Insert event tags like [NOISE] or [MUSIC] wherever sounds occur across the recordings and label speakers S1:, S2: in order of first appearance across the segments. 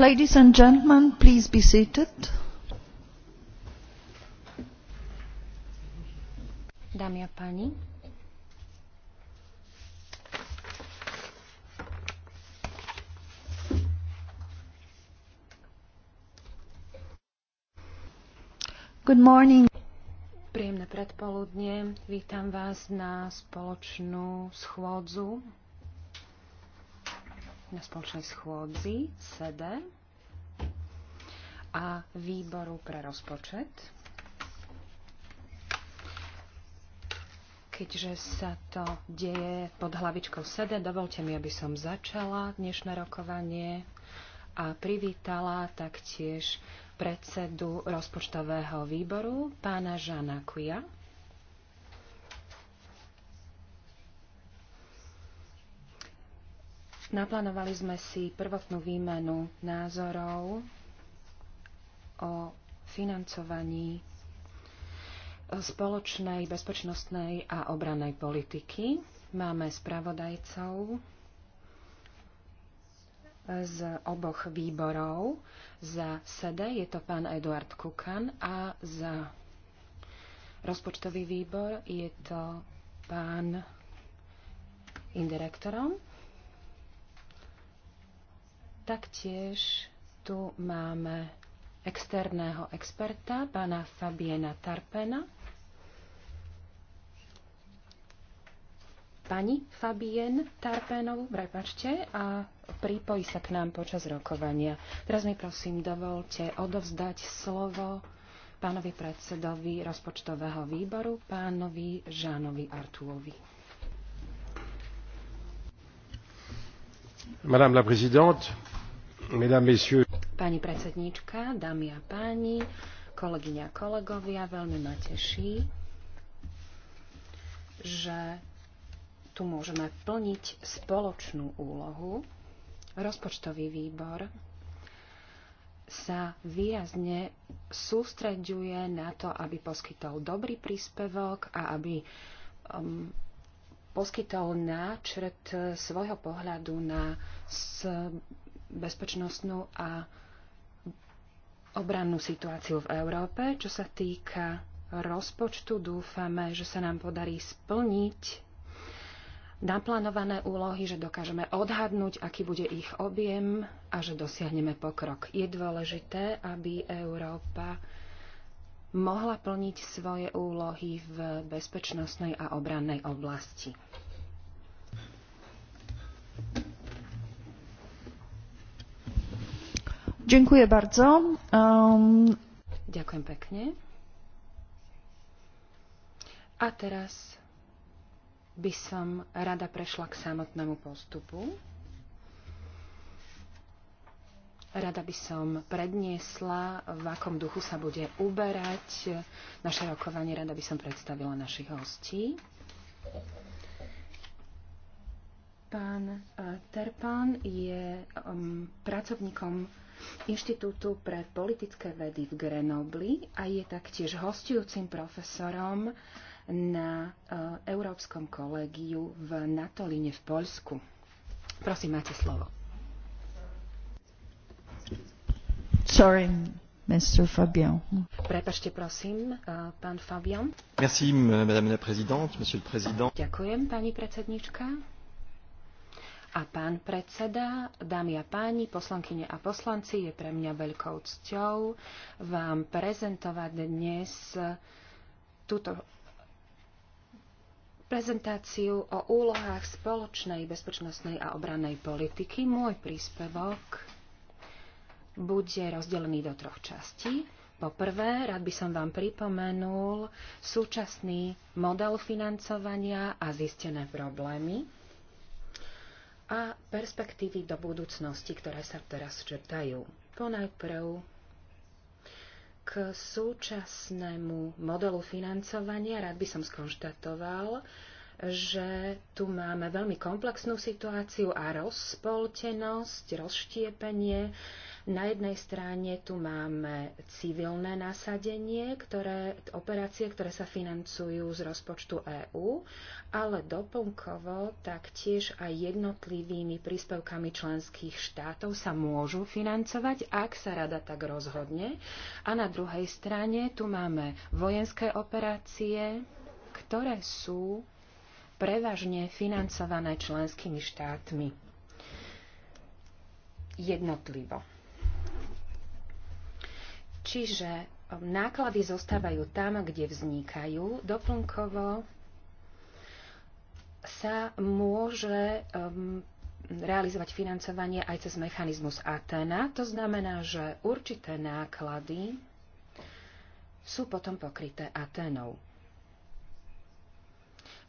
S1: Ladies and gentlemen, please be seated.
S2: Dámy a páni,
S1: Good morning.
S2: Príjemné predpoludnie. Vítam vás na spoločnú schôdzu na spoločnej schôdzi SEDE a výboru pre rozpočet. Keďže sa to deje pod hlavičkou SEDE, dovolte mi, aby som začala dnešné rokovanie a privítala taktiež predsedu rozpočtového výboru, pána Žana Kuja. Naplánovali sme si prvotnú výmenu názorov o financovaní spoločnej bezpečnostnej a obranej politiky. Máme spravodajcov z oboch výborov. Za SEDE je to pán Eduard Kukan a za rozpočtový výbor je to pán indirektorom. Taktiež tu máme externého experta, pána Fabiena Tarpena. Pani Fabien Tarpenov, prepačte, a pripojí sa k nám počas rokovania. Teraz mi prosím dovolte odovzdať slovo pánovi predsedovi rozpočtového výboru, pánovi Žánovi Artuovi.
S3: Madame la présidente, Pani
S2: predsedníčka, dámy a páni, kolegyňa a kolegovia, veľmi ma teší, že tu môžeme plniť spoločnú úlohu. Rozpočtový výbor sa výrazne sústreďuje na to, aby poskytol dobrý príspevok a aby um, poskytol náčrt svojho pohľadu na bezpečnostnú a obrannú situáciu v Európe. Čo sa týka rozpočtu, dúfame, že sa nám podarí splniť naplánované úlohy, že dokážeme odhadnúť, aký bude ich objem a že dosiahneme pokrok. Je dôležité, aby Európa mohla plniť svoje úlohy v bezpečnostnej a obrannej oblasti. Dziękuję bardzo. Um... Ďakujem pekne. A teraz by som rada prešla k samotnému postupu. Rada by som predniesla, v akom duchu sa bude uberať naše rokovanie. Rada by som predstavila našich hostí. Pán eh, Terpán je um, pracovníkom Inštitútu pre politické vedy v Grenobli a je taktiež hostujúcim profesorom na uh, Európskom kolegiu v Natolíne v Poľsku. Prosím, máte slovo.
S1: Sorry, Mr. Fabian.
S2: Prepačte, prosím, uh, pán Fabian.
S4: Merci, madame la présidente, monsieur le président.
S2: Ďakujem, pani predsednička a pán predseda, dámy a páni, poslankyne a poslanci, je pre mňa veľkou cťou vám prezentovať dnes túto prezentáciu o úlohách spoločnej bezpečnostnej a obrannej politiky. Môj príspevok bude rozdelený do troch častí. Po prvé, rád by som vám pripomenul súčasný model financovania a zistené problémy a perspektívy do budúcnosti, ktoré sa teraz črtajú. Ponajprv k súčasnému modelu financovania rád by som skonštatoval, že tu máme veľmi komplexnú situáciu a rozpoltenosť, rozštiepenie na jednej strane tu máme civilné nasadenie, ktoré, operácie, ktoré sa financujú z rozpočtu EÚ, ale doplnkovo taktiež aj jednotlivými príspevkami členských štátov sa môžu financovať, ak sa rada tak rozhodne. A na druhej strane tu máme vojenské operácie, ktoré sú prevažne financované členskými štátmi jednotlivo. Čiže um, náklady zostávajú tam, kde vznikajú. Doplnkovo sa môže um, realizovať financovanie aj cez mechanizmus Atena. To znamená, že určité náklady sú potom pokryté Atenou.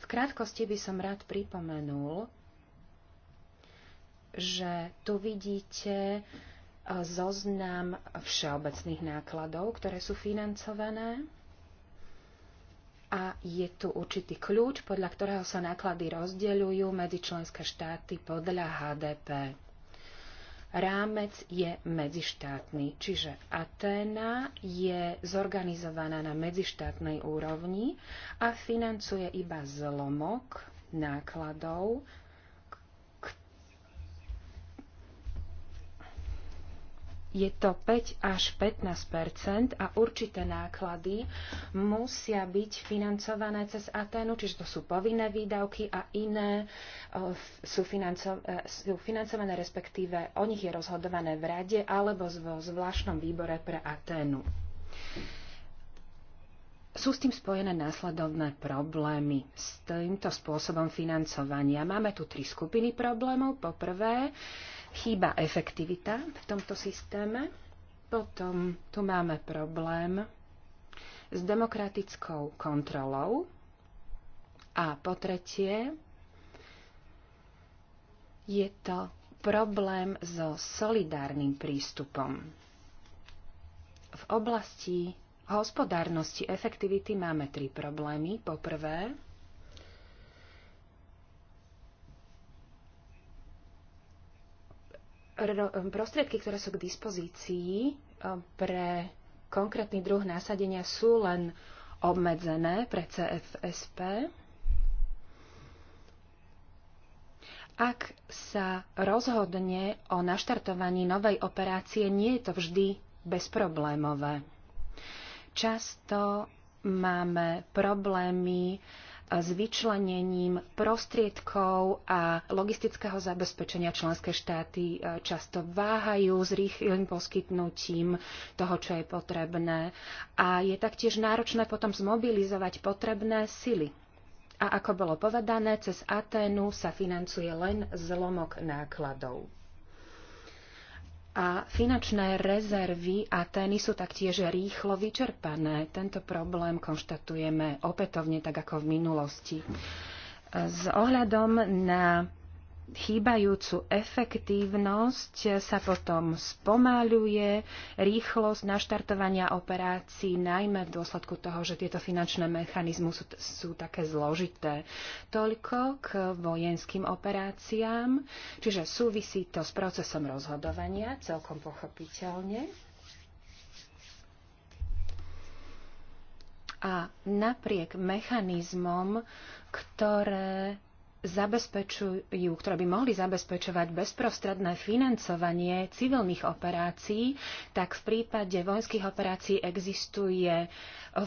S2: V krátkosti by som rád pripomenul, že tu vidíte zoznam všeobecných nákladov, ktoré sú financované a je tu určitý kľúč, podľa ktorého sa náklady rozdeľujú medzi členské štáty podľa HDP. Rámec je medzištátny, čiže Aténa je zorganizovaná na medzištátnej úrovni a financuje iba zlomok nákladov je to 5 až 15 a určité náklady musia byť financované cez Aténu, čiže to sú povinné výdavky a iné e, sú, financo- e, sú financované, respektíve o nich je rozhodované v rade alebo vo zvláštnom výbore pre Aténu. Sú s tým spojené následovné problémy s týmto spôsobom financovania. Máme tu tri skupiny problémov. Po prvé, chýba efektivita v tomto systéme. Potom tu máme problém s demokratickou kontrolou. A po tretie, je to problém so solidárnym prístupom. V oblasti hospodárnosti efektivity máme tri problémy. Po prvé, prostriedky, ktoré sú k dispozícii e, pre konkrétny druh násadenia, sú len obmedzené pre CFSP. Ak sa rozhodne o naštartovaní novej operácie, nie je to vždy bezproblémové. Často máme problémy s vyčlenením prostriedkov a logistického zabezpečenia členské štáty e, často váhajú s rýchlym poskytnutím toho, čo je potrebné. A je taktiež náročné potom zmobilizovať potrebné sily. A ako bolo povedané, cez Aténu sa financuje len zlomok nákladov a finančné rezervy Atény sú taktiež rýchlo vyčerpané. Tento problém konštatujeme opätovne, tak ako v minulosti. S ohľadom na chýbajúcu efektívnosť sa potom spomaľuje, rýchlosť naštartovania operácií, najmä v dôsledku toho, že tieto finančné mechanizmy sú, sú také zložité. Toľko k vojenským operáciám, čiže súvisí to s procesom rozhodovania, celkom pochopiteľne. A napriek mechanizmom, ktoré zabezpečujú, ktoré by mohli zabezpečovať bezprostredné financovanie civilných operácií, tak v prípade vojenských operácií existuje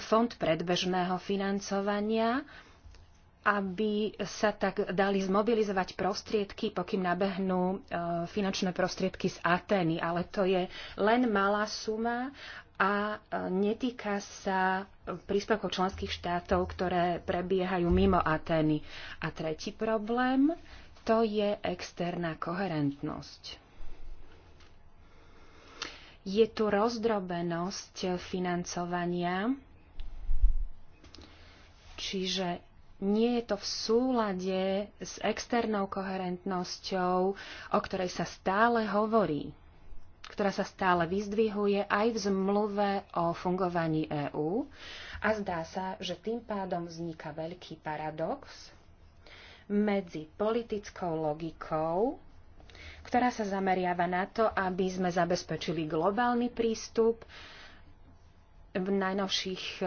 S2: fond predbežného financovania, aby sa tak dali zmobilizovať prostriedky, pokým nabehnú e, finančné prostriedky z Atény. Ale to je len malá suma a e, netýka sa príspevkov členských štátov, ktoré prebiehajú mimo Atény. A tretí problém to je externá koherentnosť. Je tu rozdrobenosť financovania, čiže nie je to v súlade s externou koherentnosťou, o ktorej sa stále hovorí ktorá sa stále vyzdvihuje aj v zmluve o fungovaní EÚ. A zdá sa, že tým pádom vzniká veľký paradox medzi politickou logikou, ktorá sa zameriava na to, aby sme zabezpečili globálny prístup. V najnovších e,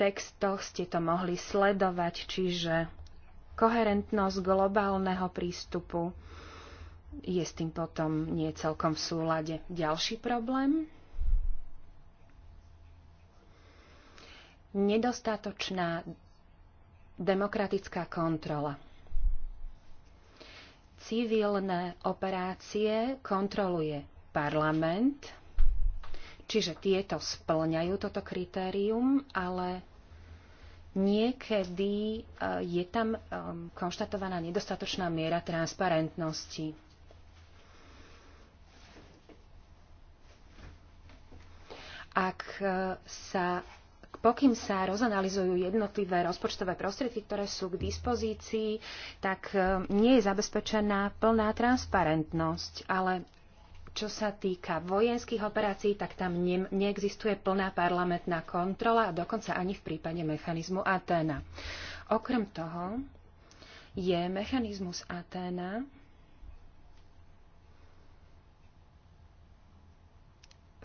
S2: textoch ste to mohli sledovať, čiže koherentnosť globálneho prístupu je s tým potom nie celkom v súlade. Ďalší problém. Nedostatočná demokratická kontrola. Civilné operácie kontroluje parlament, čiže tieto splňajú toto kritérium, ale niekedy eh, je tam eh, konštatovaná nedostatočná miera transparentnosti. ak e, sa pokým sa rozanalizujú jednotlivé rozpočtové prostriedky, ktoré sú k dispozícii, tak e, nie je zabezpečená plná transparentnosť, ale čo sa týka vojenských operácií, tak tam ne- neexistuje plná parlamentná kontrola a dokonca ani v prípade mechanizmu Aténa. Okrem toho je mechanizmus Aténa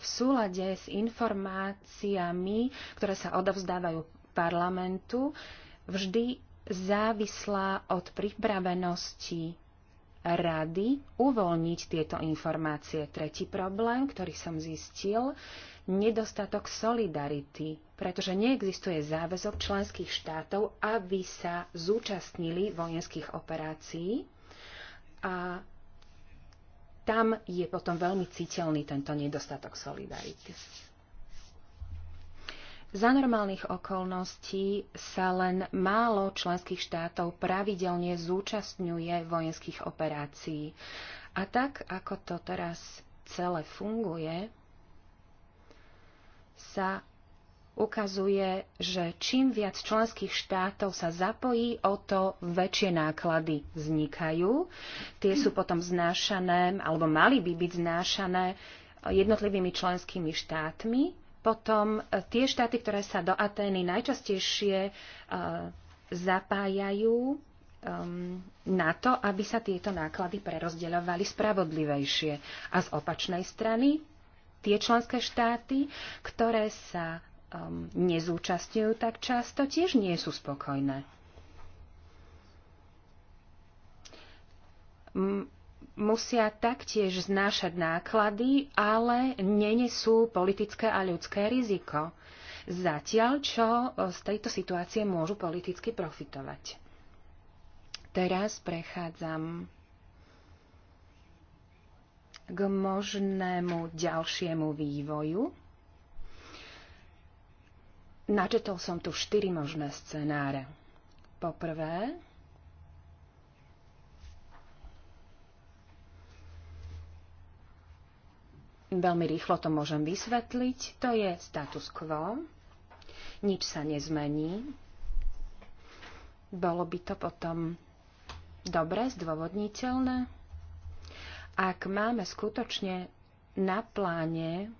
S2: v súlade s informáciami, ktoré sa odovzdávajú parlamentu, vždy závislá od pripravenosti rady uvoľniť tieto informácie. Tretí problém, ktorý som zistil, nedostatok solidarity, pretože neexistuje záväzok členských štátov, aby sa zúčastnili vojenských operácií. A tam je potom veľmi citeľný tento nedostatok solidarity. Za normálnych okolností sa len málo členských štátov pravidelne zúčastňuje vojenských operácií. A tak, ako to teraz celé funguje, sa ukazuje, že čím viac členských štátov sa zapojí, o to väčšie náklady vznikajú. Tie sú potom znášané, alebo mali by byť znášané jednotlivými členskými štátmi. Potom e, tie štáty, ktoré sa do Atény najčastejšie e, zapájajú, um, na to, aby sa tieto náklady prerozdeľovali spravodlivejšie. A z opačnej strany tie členské štáty, ktoré sa um, nezúčastňujú tak často, tiež nie sú spokojné. M- musia taktiež znášať náklady, ale nenesú politické a ľudské riziko. Zatiaľ, čo z tejto situácie môžu politicky profitovať. Teraz prechádzam k možnému ďalšiemu vývoju Načetol som tu štyri možné scenáre. Poprvé, veľmi rýchlo to môžem vysvetliť, to je status quo, nič sa nezmení. Bolo by to potom dobre zdôvodniteľné? Ak máme skutočne na pláne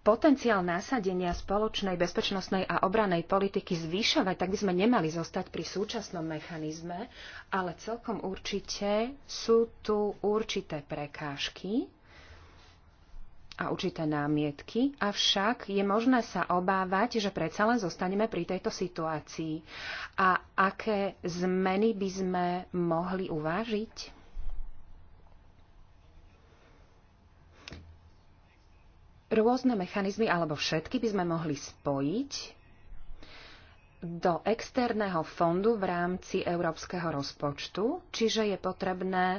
S2: potenciál násadenia spoločnej bezpečnostnej a obranej politiky zvyšovať, tak by sme nemali zostať pri súčasnom mechanizme, ale celkom určite sú tu určité prekážky a určité námietky, avšak je možné sa obávať, že predsa len zostaneme pri tejto situácii. A aké zmeny by sme mohli uvážiť? rôzne mechanizmy alebo všetky by sme mohli spojiť do externého fondu v rámci európskeho rozpočtu, čiže je potrebné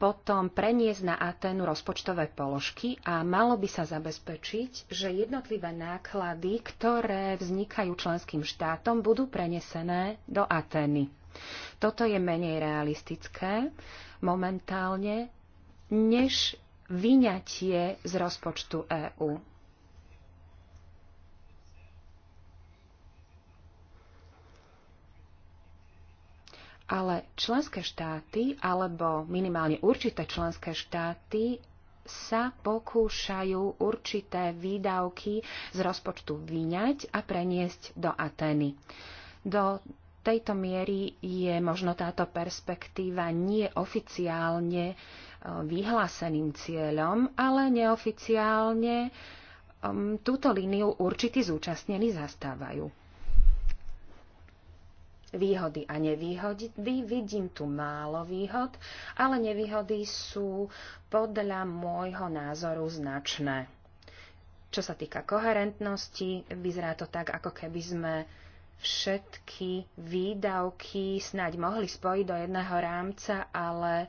S2: potom preniesť na Aténu rozpočtové položky a malo by sa zabezpečiť, že jednotlivé náklady, ktoré vznikajú členským štátom, budú prenesené do Atény. Toto je menej realistické momentálne, než vyňatie z rozpočtu EÚ. Ale členské štáty, alebo minimálne určité členské štáty, sa pokúšajú určité výdavky z rozpočtu vyňať a preniesť do Ateny. Do tejto miery je možno táto perspektíva nie oficiálne e, vyhláseným cieľom, ale neoficiálne e, túto líniu určití zúčastnení zastávajú. Výhody a nevýhody. Vidím tu málo výhod, ale nevýhody sú podľa môjho názoru značné. Čo sa týka koherentnosti, vyzerá to tak, ako keby sme všetky výdavky snáď mohli spojiť do jedného rámca, ale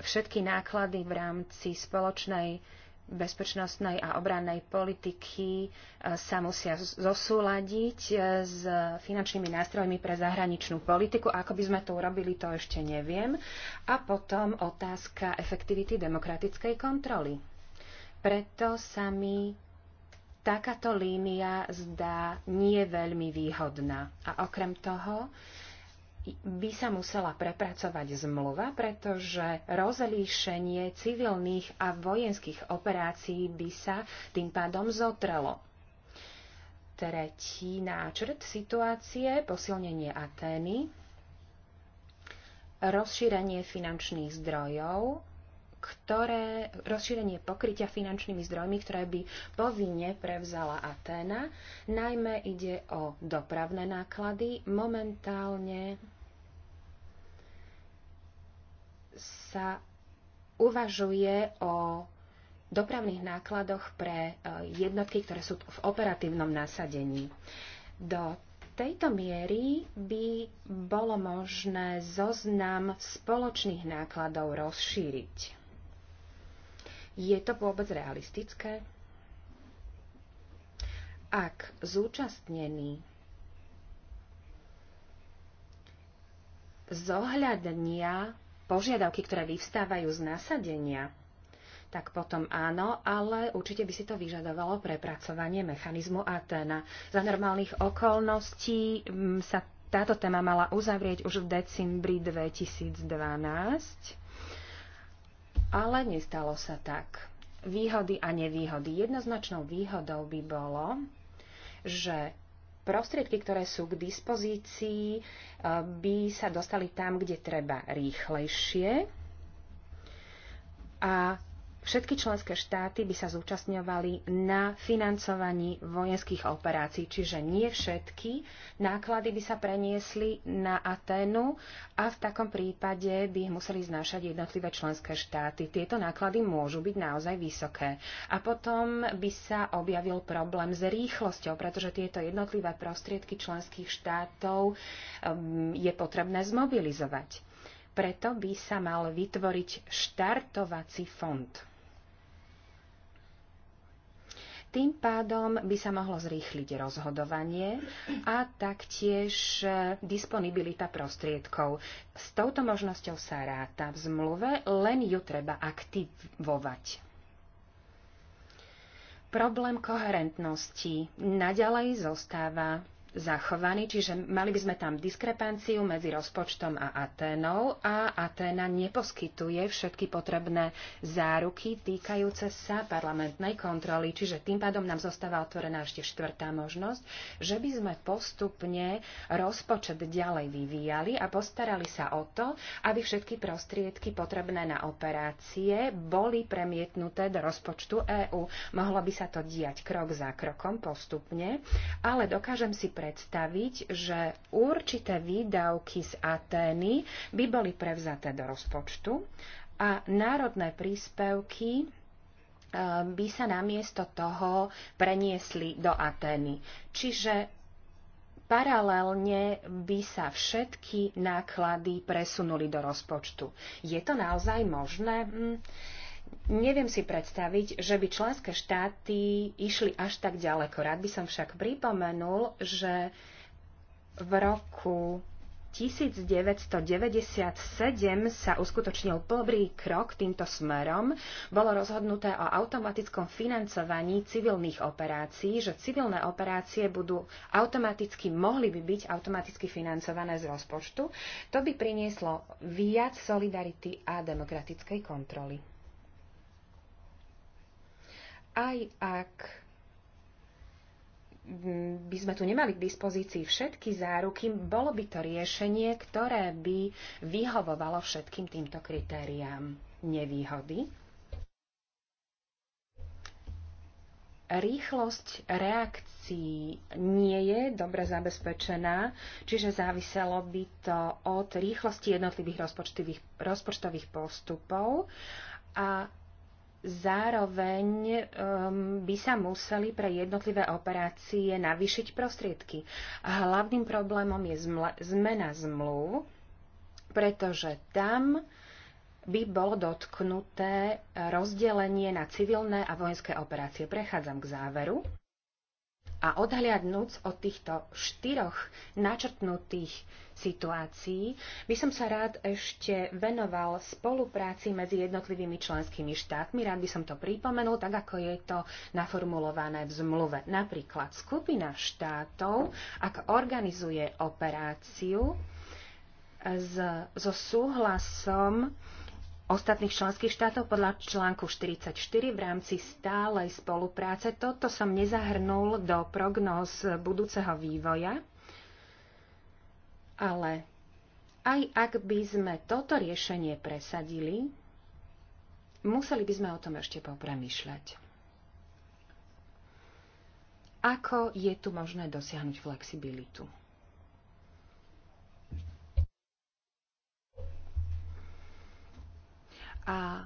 S2: všetky náklady v rámci spoločnej bezpečnostnej a obrannej politiky eh, sa musia zosúľadiť eh, s finančnými nástrojmi pre zahraničnú politiku. Ako by sme to urobili, to ešte neviem. A potom otázka efektivity demokratickej kontroly. Preto sa mi takáto línia zdá nie veľmi výhodná. A okrem toho by sa musela prepracovať zmluva, pretože rozlíšenie civilných a vojenských operácií by sa tým pádom zotrelo. Tretí náčrt situácie, posilnenie Atény, rozšírenie finančných zdrojov ktoré rozšírenie pokrytia finančnými zdrojmi, ktoré by povinne prevzala Aténa. Najmä ide o dopravné náklady. Momentálne sa uvažuje o dopravných nákladoch pre e, jednotky, ktoré sú v operatívnom nasadení. Do tejto miery by bolo možné zoznam spoločných nákladov rozšíriť. Je to vôbec realistické? Ak zúčastnený zohľadnia požiadavky, ktoré vyvstávajú z nasadenia, tak potom áno, ale určite by si to vyžadovalo prepracovanie mechanizmu Atena. Za normálnych okolností mm, sa táto téma mala uzavrieť už v decembri 2012 ale nestalo sa tak. Výhody a nevýhody. Jednoznačnou výhodou by bolo, že prostriedky, ktoré sú k dispozícii, eh, by sa dostali tam, kde treba rýchlejšie a všetky členské štáty by sa zúčastňovali na financovaní vojenských operácií, čiže nie všetky náklady by sa preniesli na Aténu a v takom prípade by ich museli znášať jednotlivé členské štáty. Tieto náklady môžu byť naozaj vysoké. A potom by sa objavil problém s rýchlosťou, pretože tieto jednotlivé prostriedky členských štátov um, je potrebné zmobilizovať. Preto by sa mal vytvoriť štartovací fond. Tým pádom by sa mohlo zrýchliť rozhodovanie a taktiež e, disponibilita prostriedkov. S touto možnosťou sa ráta v zmluve, len ju treba aktivovať. Problém koherentnosti naďalej zostáva zachovaný, čiže mali by sme tam diskrepanciu medzi rozpočtom a Aténou a Aténa neposkytuje všetky potrebné záruky týkajúce sa parlamentnej kontroly, čiže tým pádom nám zostáva otvorená ešte štvrtá možnosť, že by sme postupne rozpočet ďalej vyvíjali a postarali sa o to, aby všetky prostriedky potrebné na operácie boli premietnuté do rozpočtu EÚ. Mohlo by sa to diať krok za krokom postupne, ale dokážem si predstaviť, že určité výdavky z Atény by boli prevzaté do rozpočtu a národné príspevky e, by sa namiesto toho preniesli do Atény. Čiže paralelne by sa všetky náklady presunuli do rozpočtu. Je to naozaj možné? Hm. Neviem si predstaviť, že by členské štáty išli až tak ďaleko. Rád by som však pripomenul, že v roku 1997 sa uskutočnil prvý krok týmto smerom. Bolo rozhodnuté o automatickom financovaní civilných operácií, že civilné operácie budú automaticky, mohli by byť automaticky financované z rozpočtu. To by prinieslo viac solidarity a demokratickej kontroly aj ak by sme tu nemali k dispozícii všetky záruky, bolo by to riešenie, ktoré by vyhovovalo všetkým týmto kritériám nevýhody. Rýchlosť reakcií nie je dobre zabezpečená, čiže záviselo by to od rýchlosti jednotlivých rozpočtových postupov a Zároveň um, by sa museli pre jednotlivé operácie navýšiť prostriedky. A hlavným problémom je zmena zmluv, pretože tam by bolo dotknuté rozdelenie na civilné a vojenské operácie. Prechádzam k záveru. A odhliadnúc od týchto štyroch načrtnutých situácií, by som sa rád ešte venoval spolupráci medzi jednotlivými členskými štátmi. Rád by som to pripomenul, tak ako je to naformulované v zmluve. Napríklad skupina štátov, ak organizuje operáciu s, so súhlasom ostatných členských štátov podľa článku 44 v rámci stálej spolupráce. Toto som nezahrnul do prognóz budúceho vývoja, ale aj ak by sme toto riešenie presadili, museli by sme o tom ešte popremýšľať. Ako je tu možné dosiahnuť flexibilitu? A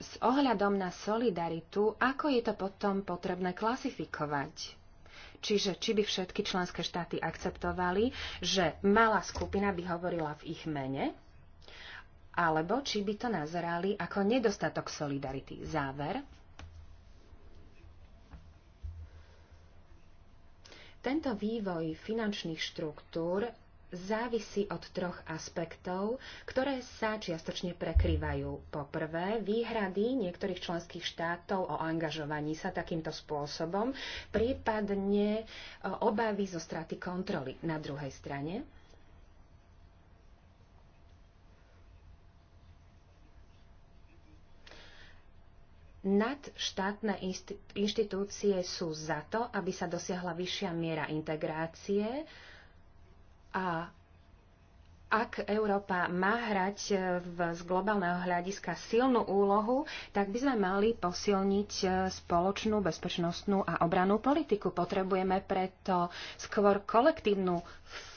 S2: s ohľadom na solidaritu, ako je to potom potrebné klasifikovať? Čiže či by všetky členské štáty akceptovali, že malá skupina by hovorila v ich mene, alebo či by to nazerali ako nedostatok solidarity. Záver. Tento vývoj finančných štruktúr závisí od troch aspektov, ktoré sa čiastočne prekrývajú. Po prvé, výhrady niektorých členských štátov o angažovaní sa takýmto spôsobom, prípadne e, obavy zo straty kontroly na druhej strane. nadštátne inštitúcie sú za to, aby sa dosiahla vyššia miera integrácie a ak Európa má hrať e, v, z globálneho hľadiska silnú úlohu, tak by sme mali posilniť e, spoločnú bezpečnostnú a obranú politiku. Potrebujeme preto skôr kolektívnu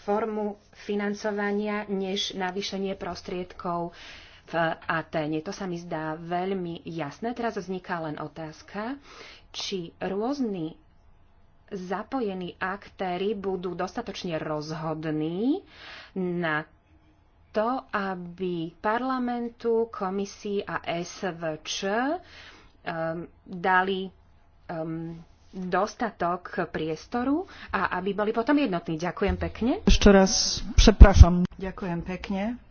S2: formu financovania, než navýšenie prostriedkov v Aténe. To sa mi zdá veľmi jasné. Teraz vzniká len otázka, či rôzny zapojení aktéry budú dostatočne rozhodní na to, aby parlamentu, komisii a SVČ um, dali um, dostatok priestoru a aby boli potom jednotní. Ďakujem pekne.
S1: Ešte raz preprašam. Ďakujem pekne.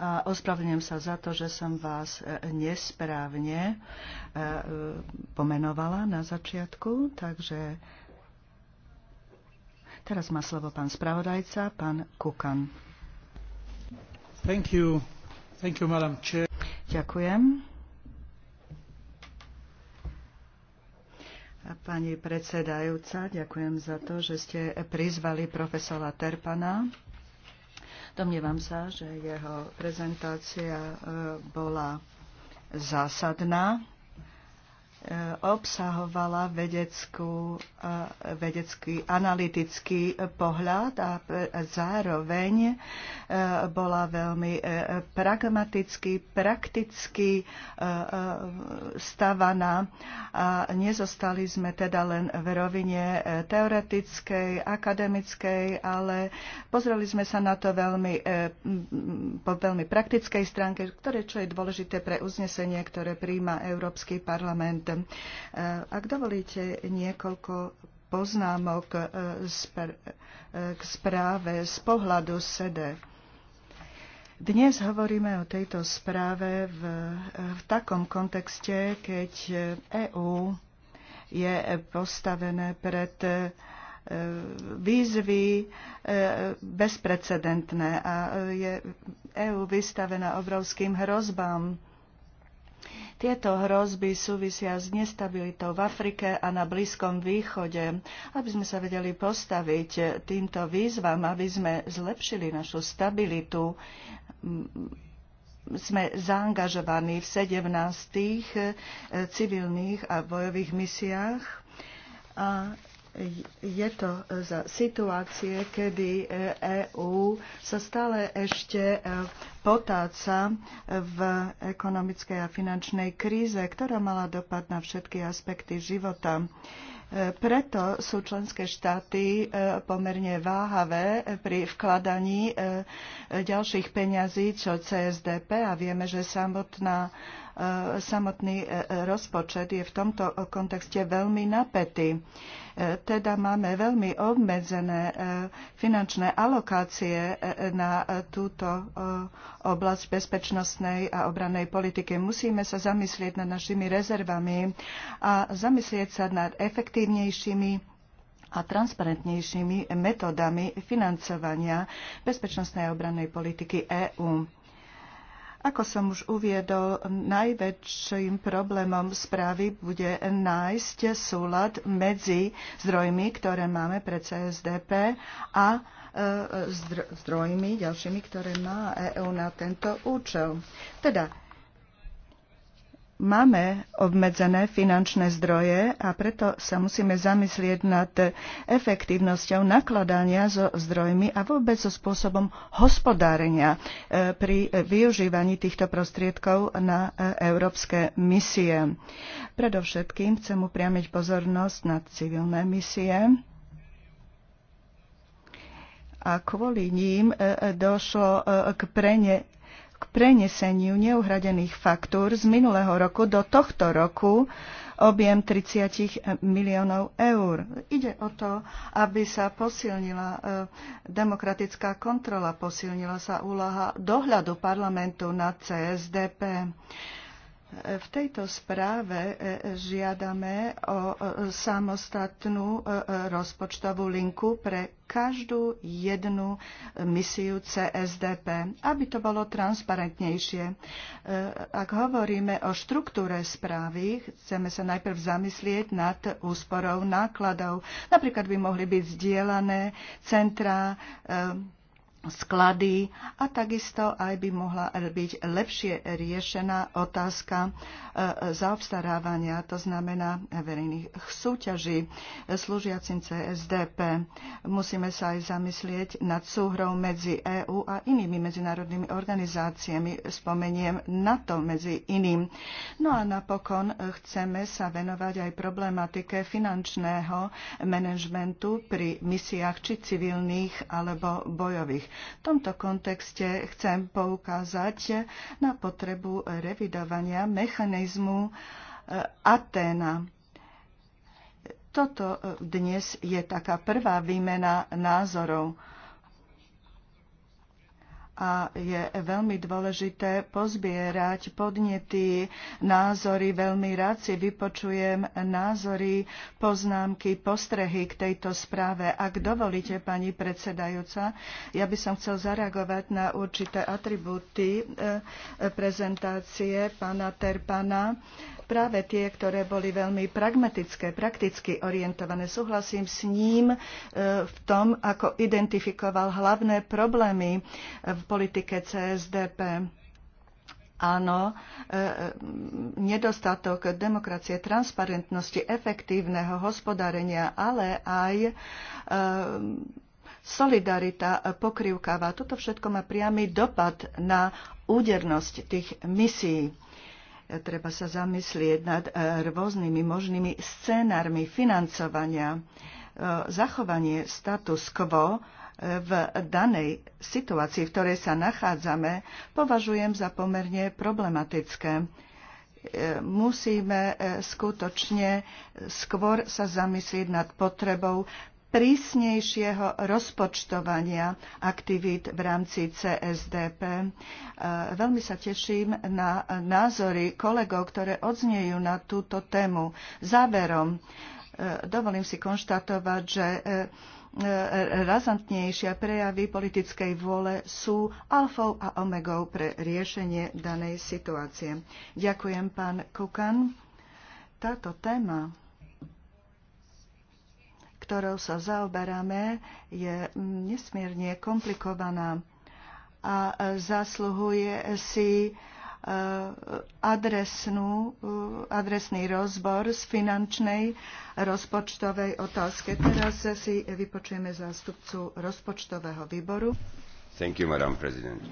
S1: a ospravedlňujem sa za to, že som vás e, nesprávne e, pomenovala na začiatku, takže teraz má slovo pán spravodajca, pán Kukan. Thank you. Thank you, madam chair. Ďakujem. Pani predsedajúca, ďakujem za to, že ste prizvali profesora Terpana Domnievam sa, že jeho prezentácia e, bola zásadná obsahovala vedeckú, eh, vedecký analytický pohľad a zároveň eh, bola veľmi eh, pragmaticky, prakticky stavaná a nezostali sme teda len v rovine teoretickej, akademickej, ale pozreli sme sa na to veľmi, po veľmi praktickej stránke, ktoré čo je dôležité pre uznesenie, ktoré príjma Európsky parlament systém. E, ak dovolíte niekoľko poznámok e, e, k správe z pohľadu SEDE. Dnes hovoríme o tejto správe v, v takom kontexte, keď EÚ je postavené pred výzvy bezprecedentné a je EÚ vystavená obrovským hrozbám tieto hrozby súvisia s nestabilitou v Afrike a na Blízkom východe. Aby sme sa vedeli postaviť týmto výzvam, aby sme zlepšili našu stabilitu, sme zaangažovaní v 17 civilných a bojových misiách a je to za situácie, kedy EÚ e sa stále ešte e, potáca v ekonomickej a finančnej kríze, ktorá mala dopad na všetky aspekty života. Preto sú členské štáty e, pomerne váhavé pri vkladaní e, ďalších peňazí, čo CSDP a vieme, že samotná e, samotný rozpočet je v tomto kontexte veľmi napätý. Teda máme veľmi obmedzené finančné alokácie na túto oblasť bezpečnostnej a obrannej politiky. Musíme sa zamyslieť nad našimi rezervami a zamyslieť sa nad efektívnosťou efektívnejšími a transparentnejšími metodami financovania bezpečnostnej a obrannej politiky EÚ. Ako som už uviedol, najväčším problémom správy bude nájsť súlad medzi zdrojmi, ktoré máme pre CSDP a e, zdrojmi ďalšími, ktoré má EÚ na tento účel. Teda máme obmedzené finančné zdroje a preto sa musíme zamyslieť nad efektívnosťou nakladania so zdrojmi a vôbec so spôsobom hospodárenia e, pri využívaní týchto prostriedkov na e, európske misie. Predovšetkým chcem upriamiť pozornosť na civilné misie a kvôli ním e, došlo k prene preneseniu neuhradených faktúr z minulého roku do tohto roku objem 30 miliónov eur. Ide o to, aby sa posilnila e, demokratická kontrola, posilnila sa úloha dohľadu parlamentu nad CSDP. V tejto správe e, e, žiadame o e, samostatnú rozpočtovú linku pre každú jednu misiu CSDP, aby to bolo transparentnejšie. Ak hovoríme o štruktúre správy, chceme sa najprv zamyslieť nad úsporou nákladov. Napríklad by mohli byť zdieľané centrá sklady a takisto aj by mohla byť lepšie riešená otázka e, zaobstarávania, to znamená verejných súťaží slúžiacim CSDP. Musíme sa aj zamyslieť nad súhrou medzi EÚ a inými medzinárodnými organizáciami, spomeniem NATO medzi iným. No a napokon chceme sa venovať aj problematike finančného manažmentu pri misiách či civilných alebo bojových v tomto kontexte chcem poukázať na potrebu revidovania mechanizmu e, Aténa. Toto e, dnes je taká prvá výmena názorov a je veľmi dôležité pozbierať podnety, názory. Veľmi rád si vypočujem názory, poznámky, postrehy k tejto správe. Ak dovolíte, pani predsedajúca, ja by som chcel zareagovať na určité atribúty eh, prezentácie pána Terpana práve tie, ktoré boli veľmi pragmatické, prakticky orientované. Súhlasím s ním e, v tom, ako identifikoval hlavné problémy e, v politike CSDP áno, e, nedostatok demokracie, transparentnosti, efektívneho hospodárenia, ale aj solidarita pokrivkáva. Toto všetko má priamy dopad na údernosť tých misií Treba sa zamyslieť nad e, rôznymi možnými scénármi financovania. E, zachovanie status quo e, v danej situácii, v ktorej sa nachádzame, považujem za pomerne problematické musíme skutočne skôr sa zamyslieť nad potrebou prísnejšieho rozpočtovania aktivít v rámci CSDP. E, veľmi sa teším na názory kolegov, ktoré odznejú na túto tému. Záverom e, dovolím si konštatovať, že e, razantnejšie prejavy politickej vôle sú alfou a omegou pre riešenie danej situácie. Ďakujem, pán Kukan. Táto téma ktorou sa zaoberáme, je nesmierne komplikovaná a zasluhuje si eh, adresnú, eh, adresný rozbor z finančnej rozpočtovej otázke. Teraz si vypočujeme zástupcu rozpočtového výboru.
S3: Thank you, Madam President.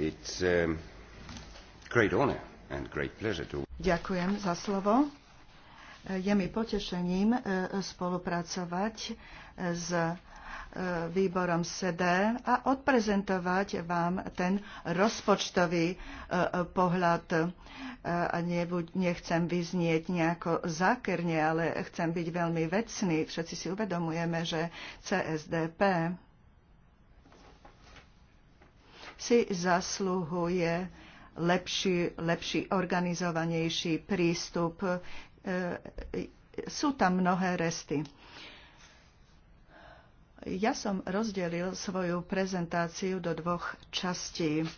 S3: It's a eh, great honor and great pleasure to...
S1: Ďakujem za slovo. Je mi potešením e, spolupracovať e, s e, výborom SED a odprezentovať vám ten rozpočtový pohľad. A Nechcem vyznieť nejako zákerne, ale chcem byť veľmi vecný. Všetci si uvedomujeme, že CSDP si zasluhuje lepší, lepší organizovanejší prístup E, sú tam mnohé resty. Ja som rozdelil svoju prezentáciu do dvoch častí.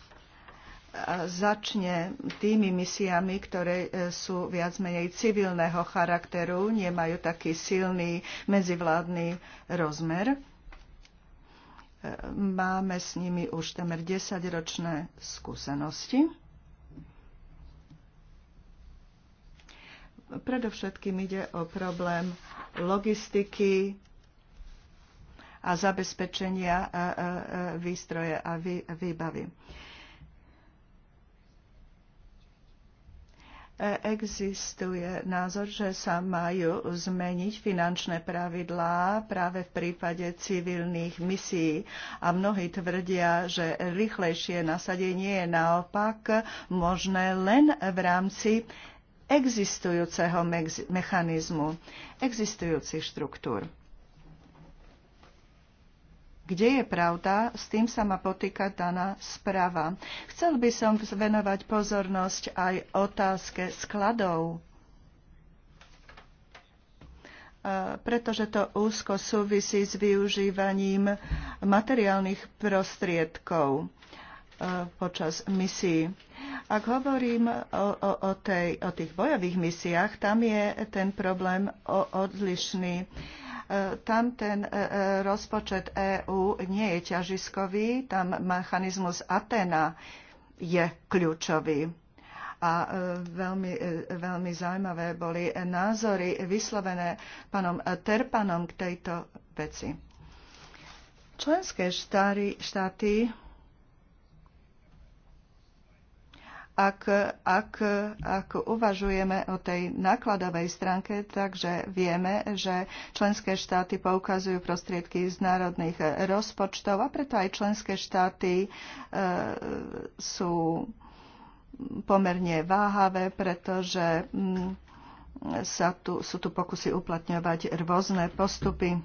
S1: Začne tými misiami, ktoré e, sú viac menej civilného charakteru, nemajú taký silný medzivládny rozmer. E, máme s nimi už temer 10-ročné skúsenosti Predovšetkým ide o problém logistiky a zabezpečenia e, e, e, výstroje a výbavy. existuje názor, že sa majú zmeniť finančné pravidlá práve v prípade civilných misií. A mnohí tvrdia, že rýchlejšie nasadenie je naopak možné len v rámci existujúceho mechanizmu, existujúcich štruktúr. Kde je pravda, s tým sa ma potýka daná správa. Chcel by som venovať pozornosť aj otázke skladov pretože to úzko súvisí s využívaním materiálnych prostriedkov e, počas misií. Ak hovorím o, o, o, tej, o tých bojových misiách, tam je ten problém o, odlišný. E, tam ten e, e, rozpočet EÚ nie je ťažiskový, tam mechanizmus Atena je kľúčový a veľmi, veľmi zaujímavé boli názory vyslovené pánom Terpanom k tejto veci. Členské štáry, štáty ak, ak, ak uvažujeme o tej nákladovej stránke, takže vieme, že členské štáty poukazujú prostriedky z národných eh, rozpočtov a preto aj členské štáty e, sú pomerne váhavé, pretože m, mm, sa tu, sú tu pokusy uplatňovať rôzne postupy.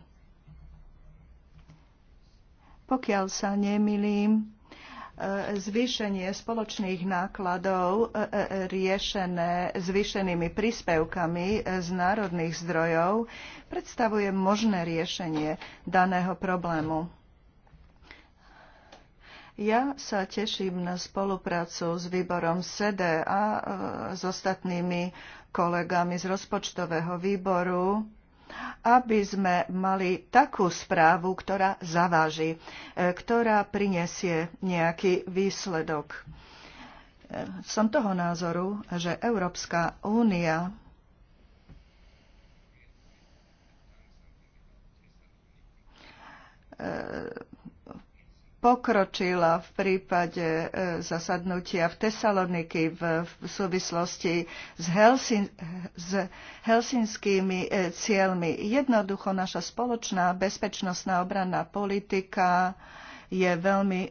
S1: Pokiaľ sa nemilím, zvýšenie spoločných nákladov e, e, riešené zvýšenými príspevkami z národných zdrojov predstavuje možné riešenie daného problému. Ja sa teším na spoluprácu s výborom SEDE a e, s ostatnými kolegami z rozpočtového výboru aby sme mali takú správu, ktorá zaváži, e, ktorá prinesie nejaký výsledok. E, som toho názoru, že Európska únia pokročila v prípade e, zasadnutia v Tesaloniky v, v súvislosti s, Helsin, s helsinskými e, cieľmi. Jednoducho naša spoločná bezpečnostná obranná politika je veľmi e,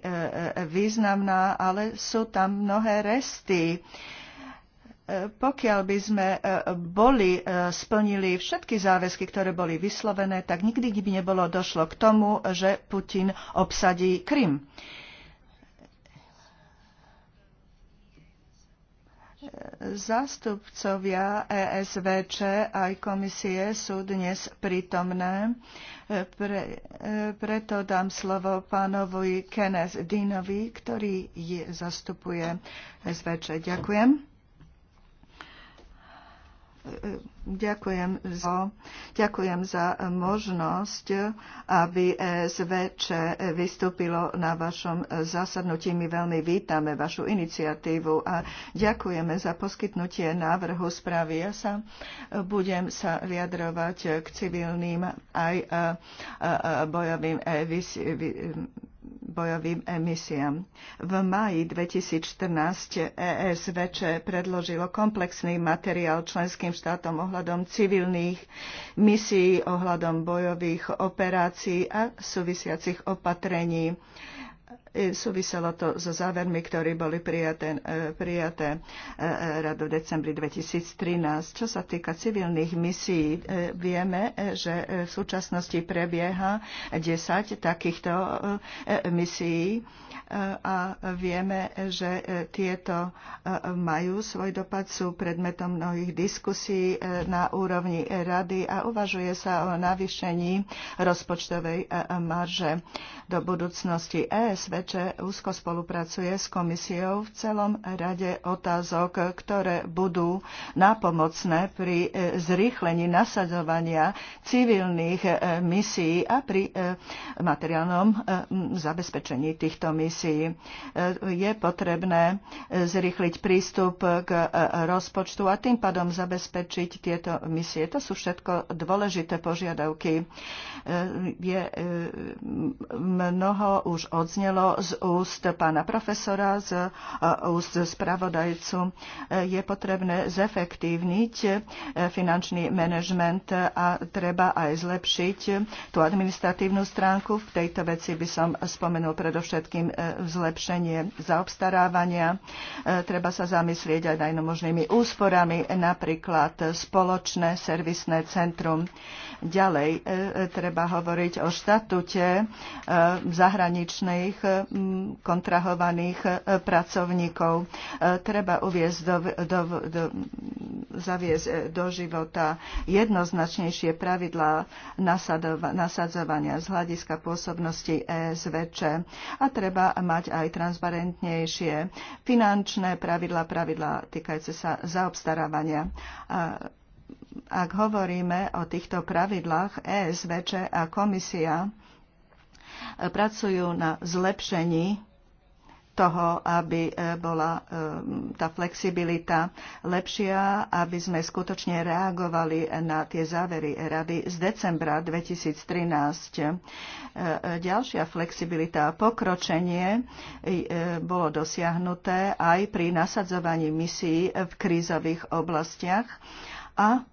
S1: významná, ale sú tam mnohé resty. E, pokiaľ by sme e, boli e, splnili všetky záväzky, ktoré boli vyslovené, tak nikdy by nebolo došlo k tomu, že Putin obsadí Krym. Zástupcovia ESVČ aj komisie sú dnes prítomné, e, pre, preto dám slovo pánovi Kenneth Dinovi, ktorý zastupuje SVČ. Ďakujem. Ďakujem za, ďakujem za možnosť, aby SVČ vystúpilo na vašom zasadnutí. My veľmi vítame vašu iniciatívu a ďakujeme za poskytnutie návrhu správy. Ja sa budem sa vyjadrovať k civilným aj bojovým e, vys- bojovým emisiám. V máji 2014 ESVČ predložilo komplexný materiál členským štátom ohľadom civilných misií, ohľadom bojových operácií a súvisiacich opatrení E, súviselo to so závermi, ktoré boli prijaté, e, prijaté e, v decembri 2013. Čo sa týka civilných misií, vieme, že v súčasnosti prebieha 10 takýchto misií a vieme, že tieto majú svoj dopad, sú predmetom mnohých diskusí na úrovni rady a uvažuje sa o navýšení rozpočtovej marže do budúcnosti. ESV SVČ úzko spolupracuje s komisiou v celom rade otázok, ktoré budú nápomocné pri e, zrýchlení nasadzovania civilných e, misií a pri e, materiálnom zabezpečení týchto misií. Je potrebné zrýchliť prístup k rozpočtu a tým pádom zabezpečiť tieto misie. To sú všetko dôležité požiadavky. Je mnoho už odznelo z úst pána profesora, z e, úst spravodajcu. E, je potrebné zefektívniť e, finančný manažment a treba aj zlepšiť tú administratívnu stránku. V tejto veci by som spomenul predovšetkým zlepšenie zaobstarávania. Treba sa zamyslieť aj nad možnými úsporami, napríklad spoločné servisné centrum. Ďalej treba hovoriť o štatute zahraničných kontrahovaných e, pracovníkov. E, treba uviezť do, do, do, zaviesť e, do života jednoznačnejšie pravidlá nasadzovania z hľadiska pôsobnosti ESVČ a treba mať aj transparentnejšie finančné pravidlá, pravidlá týkajúce sa zaobstarávania ak hovoríme o týchto pravidlách, ESVČ a komisia pracujú na zlepšení toho, aby e, bola e, tá flexibilita lepšia, aby sme skutočne reagovali na tie závery rady z decembra 2013. E, ďalšia flexibilita a pokročenie bolo dosiahnuté aj pri nasadzovaní misií v krízových oblastiach a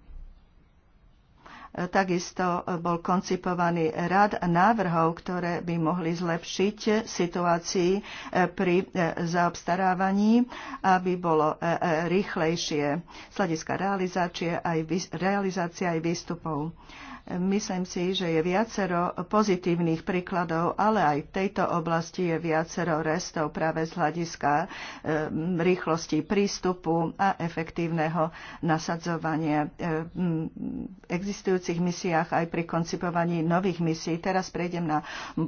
S1: Takisto bol koncipovaný rad návrhov, ktoré by mohli zlepšiť situácii eh, pri eh, zaobstarávaní, aby bolo eh, rýchlejšie z hľadiska realizácie aj, realizácie aj výstupov. Myslím si, že je viacero pozitívnych príkladov, ale aj v tejto oblasti je viacero restov práve z hľadiska rýchlosti prístupu a efektívneho nasadzovania existujúcich budúcich misiách aj pri koncipovaní nových misií. Teraz prejdem na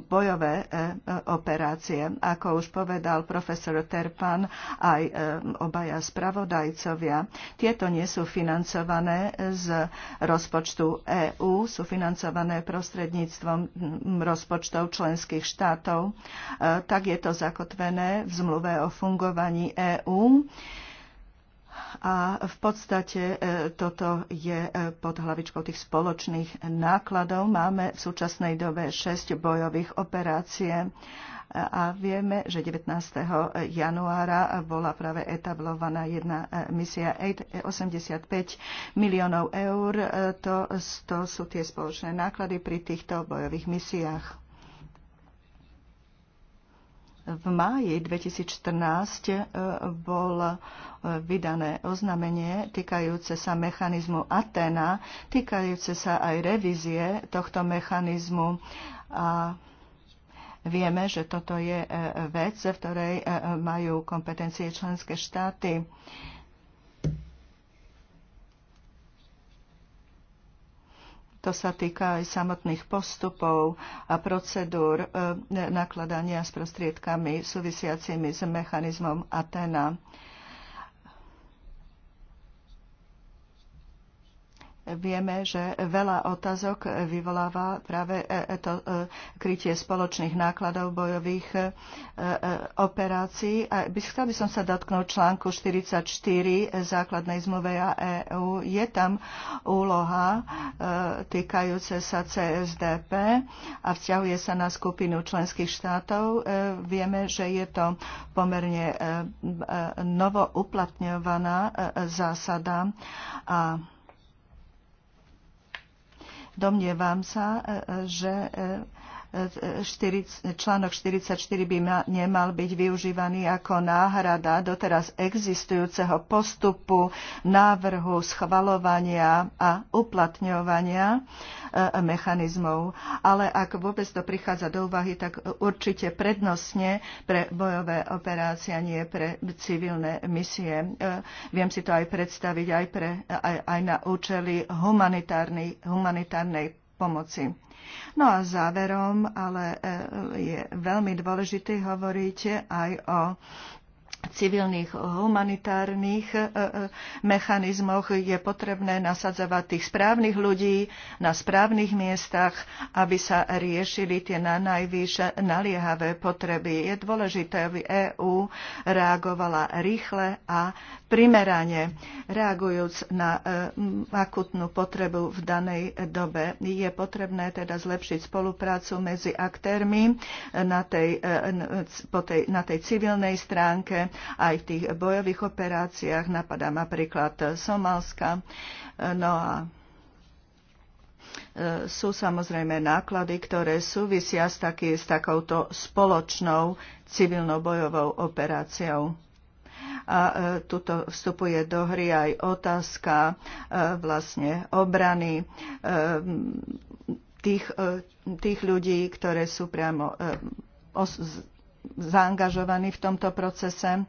S1: bojové e, e, operácie. Ako už povedal profesor Terpan, aj e, obaja spravodajcovia. Tieto nie sú financované z rozpočtu EÚ, sú financované prostredníctvom rozpočtov členských štátov. Tak je to zakotvené v zmluve o fungovaní EÚ a v podstate e, toto je e, pod hlavičkou tých spoločných nákladov. Máme v súčasnej dobe 6 bojových operácie e, a vieme, že 19. januára bola práve etablovaná jedna misia 85 miliónov eur. To, to sú tie spoločné náklady pri týchto bojových misiách. V máji 2014 e, bol e, vydané oznámenie týkajúce sa mechanizmu Atena, týkajúce sa aj revízie tohto mechanizmu a Vieme, že toto je e, vec, v ktorej majú kompetencie členské štáty. To sa týka aj samotných postupov a procedúr e, nakladania s prostriedkami súvisiacimi s mechanizmom Atena. Vieme, že veľa otázok vyvoláva práve e, e, to e, krytie spoločných nákladov bojových operácií. A chcel by som sa dotknúť článku 44 základnej zmluve a EU. Je tam úloha týkajúce sa CSDP a vzťahuje sa na skupinu členských štátov. Vieme, že je to pomerne novo uplatňovaná zásada a Domnievam sa, e, e, že e, článok 44 by nemal byť využívaný ako náhrada doteraz existujúceho postupu návrhu schvalovania a uplatňovania e, mechanizmov. Ale ak vôbec to prichádza do úvahy, tak určite prednostne pre bojové operácie a nie pre civilné misie. E, viem si to aj predstaviť aj, pre, aj, aj na účely humanitárnej pomoci. No a záverom, ale e, je veľmi dôležité hovoriť aj o civilných humanitárnych e, e, mechanizmoch je potrebné nasadzovať tých správnych ľudí na správnych miestach, aby sa riešili tie na najvyššie naliehavé potreby. Je dôležité, aby EÚ reagovala rýchle a primerane, reagujúc na e, akutnú potrebu v danej dobe. Je potrebné teda zlepšiť spoluprácu medzi aktérmi na tej, na tej civilnej stránke aj v tých bojových operáciách napadá napríklad Somálska. No a e, sú samozrejme náklady, ktoré súvisia s, taký, s takouto spoločnou civilno-bojovou operáciou. A e, tuto vstupuje do hry aj otázka e, vlastne obrany tých, tých ľudí, ktoré sú priamo zaangažovaní v tomto procese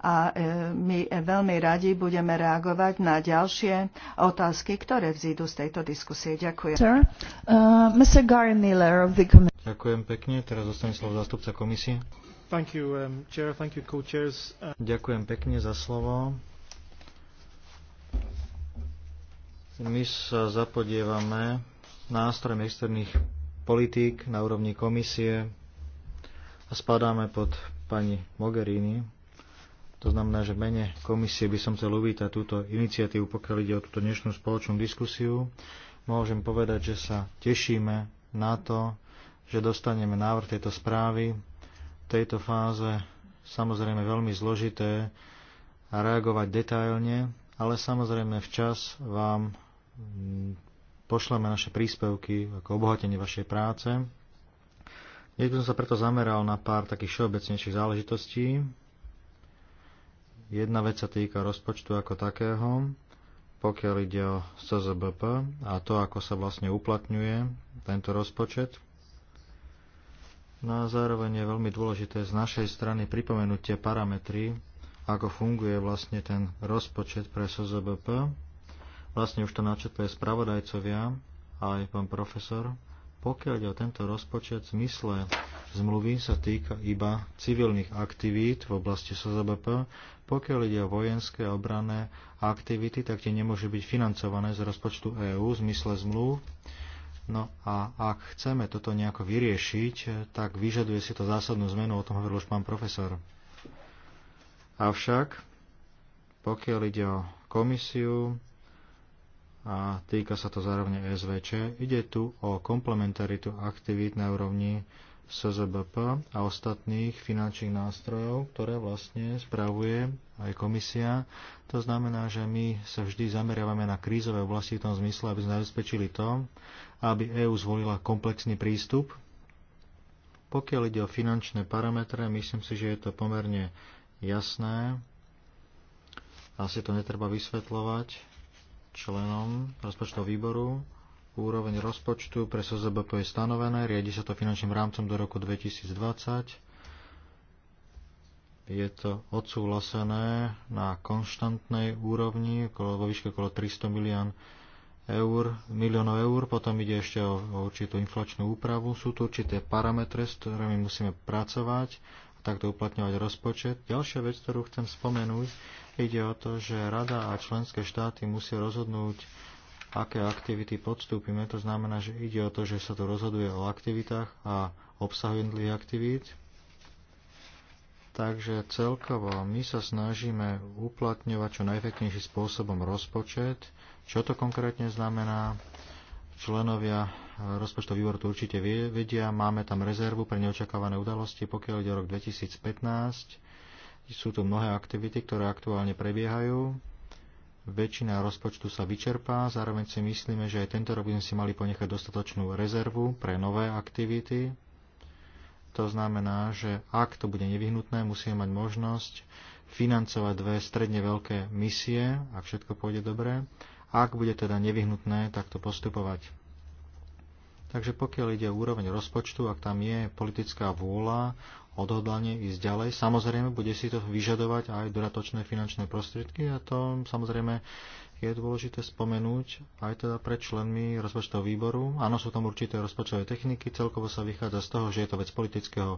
S1: a e, my e, veľmi radi budeme reagovať na ďalšie otázky, ktoré vzídu z tejto diskusie. Ďakujem. Sir,
S2: uh,
S4: Ďakujem pekne. Teraz zostane slovo zástupca komisie. Thank you, um, chair, thank you, co-chairs. Uh, Ďakujem pekne za slovo. My sa zapodievame nástrojem externých politík na úrovni komisie a spadáme pod pani Mogherini. To znamená, že mene komisie by som chcel uvítať túto iniciatívu, pokiaľ ide o túto dnešnú spoločnú diskusiu. Môžem povedať, že sa tešíme na to, že dostaneme návrh tejto správy. V tejto fáze samozrejme veľmi zložité reagovať detailne, ale samozrejme včas vám pošleme naše príspevky ako obohatenie vašej práce. Ja by som sa preto zameral na pár takých všeobecnejších záležitostí. Jedna vec sa týka rozpočtu ako takého, pokiaľ ide o SZBP a to, ako sa vlastne uplatňuje tento rozpočet. No a zároveň je veľmi dôležité z našej strany pripomenúť tie parametry, ako funguje vlastne ten rozpočet pre SZBP. Vlastne už to načetli spravodajcovia, aj pán profesor pokiaľ ide o tento rozpočet, v zmysle zmluvy sa týka iba civilných aktivít v oblasti SZBP. Pokiaľ ide o vojenské a obranné aktivity, tak tie nemôžu byť financované z rozpočtu EÚ v zmysle zmluv. No a ak chceme toto nejako vyriešiť, tak vyžaduje si to zásadnú zmenu, o tom hovoril už pán profesor. Avšak, pokiaľ ide o komisiu, a týka sa to zároveň SVČ. Ide tu o komplementaritu aktivít na úrovni SZBP a ostatných finančných nástrojov, ktoré vlastne spravuje aj komisia. To znamená, že my sa vždy zameriavame na krízové oblasti v tom zmysle, aby sme zabezpečili to, aby EÚ zvolila komplexný prístup. Pokiaľ ide o finančné parametre, myslím si, že je to pomerne jasné. Asi to netreba vysvetľovať členom rozpočtového výboru. Úroveň rozpočtu pre SZBP je stanovené, riadi sa to finančným rámcom do roku 2020. Je to odsúhlasené na konštantnej úrovni, okolo, vo výške okolo 300 milión eur, miliónov eur, potom ide ešte o, o určitú inflačnú úpravu. Sú tu určité parametre, s ktorými musíme pracovať a takto uplatňovať rozpočet. Ďalšia vec, ktorú chcem spomenúť, Ide o to, že Rada a členské štáty musia rozhodnúť, aké aktivity podstúpime. To znamená, že ide o to, že sa tu rozhoduje o aktivitách a obsahu jednotlivých aktivít. Takže celkovo my sa snažíme uplatňovať čo najefektnejším spôsobom rozpočet. Čo to konkrétne znamená? Členovia rozpočtového výboru to určite vedia. Máme tam rezervu pre neočakávané udalosti, pokiaľ ide o rok 2015 sú tu mnohé aktivity, ktoré aktuálne prebiehajú. Väčšina rozpočtu sa vyčerpá, zároveň si myslíme, že aj tento rok by sme si mali ponechať dostatočnú rezervu pre nové aktivity. To znamená, že ak to bude nevyhnutné, musíme mať možnosť financovať dve stredne veľké misie, ak všetko pôjde dobre, ak bude teda nevyhnutné takto postupovať. Takže pokiaľ ide o úroveň rozpočtu, ak tam je politická vôľa odhodlanie ísť ďalej. Samozrejme, bude si to vyžadovať aj dodatočné finančné prostriedky a to samozrejme je dôležité spomenúť aj teda pred členmi rozpočtového výboru. Áno, sú tam určité rozpočtové techniky, celkovo sa vychádza z toho, že je to vec politického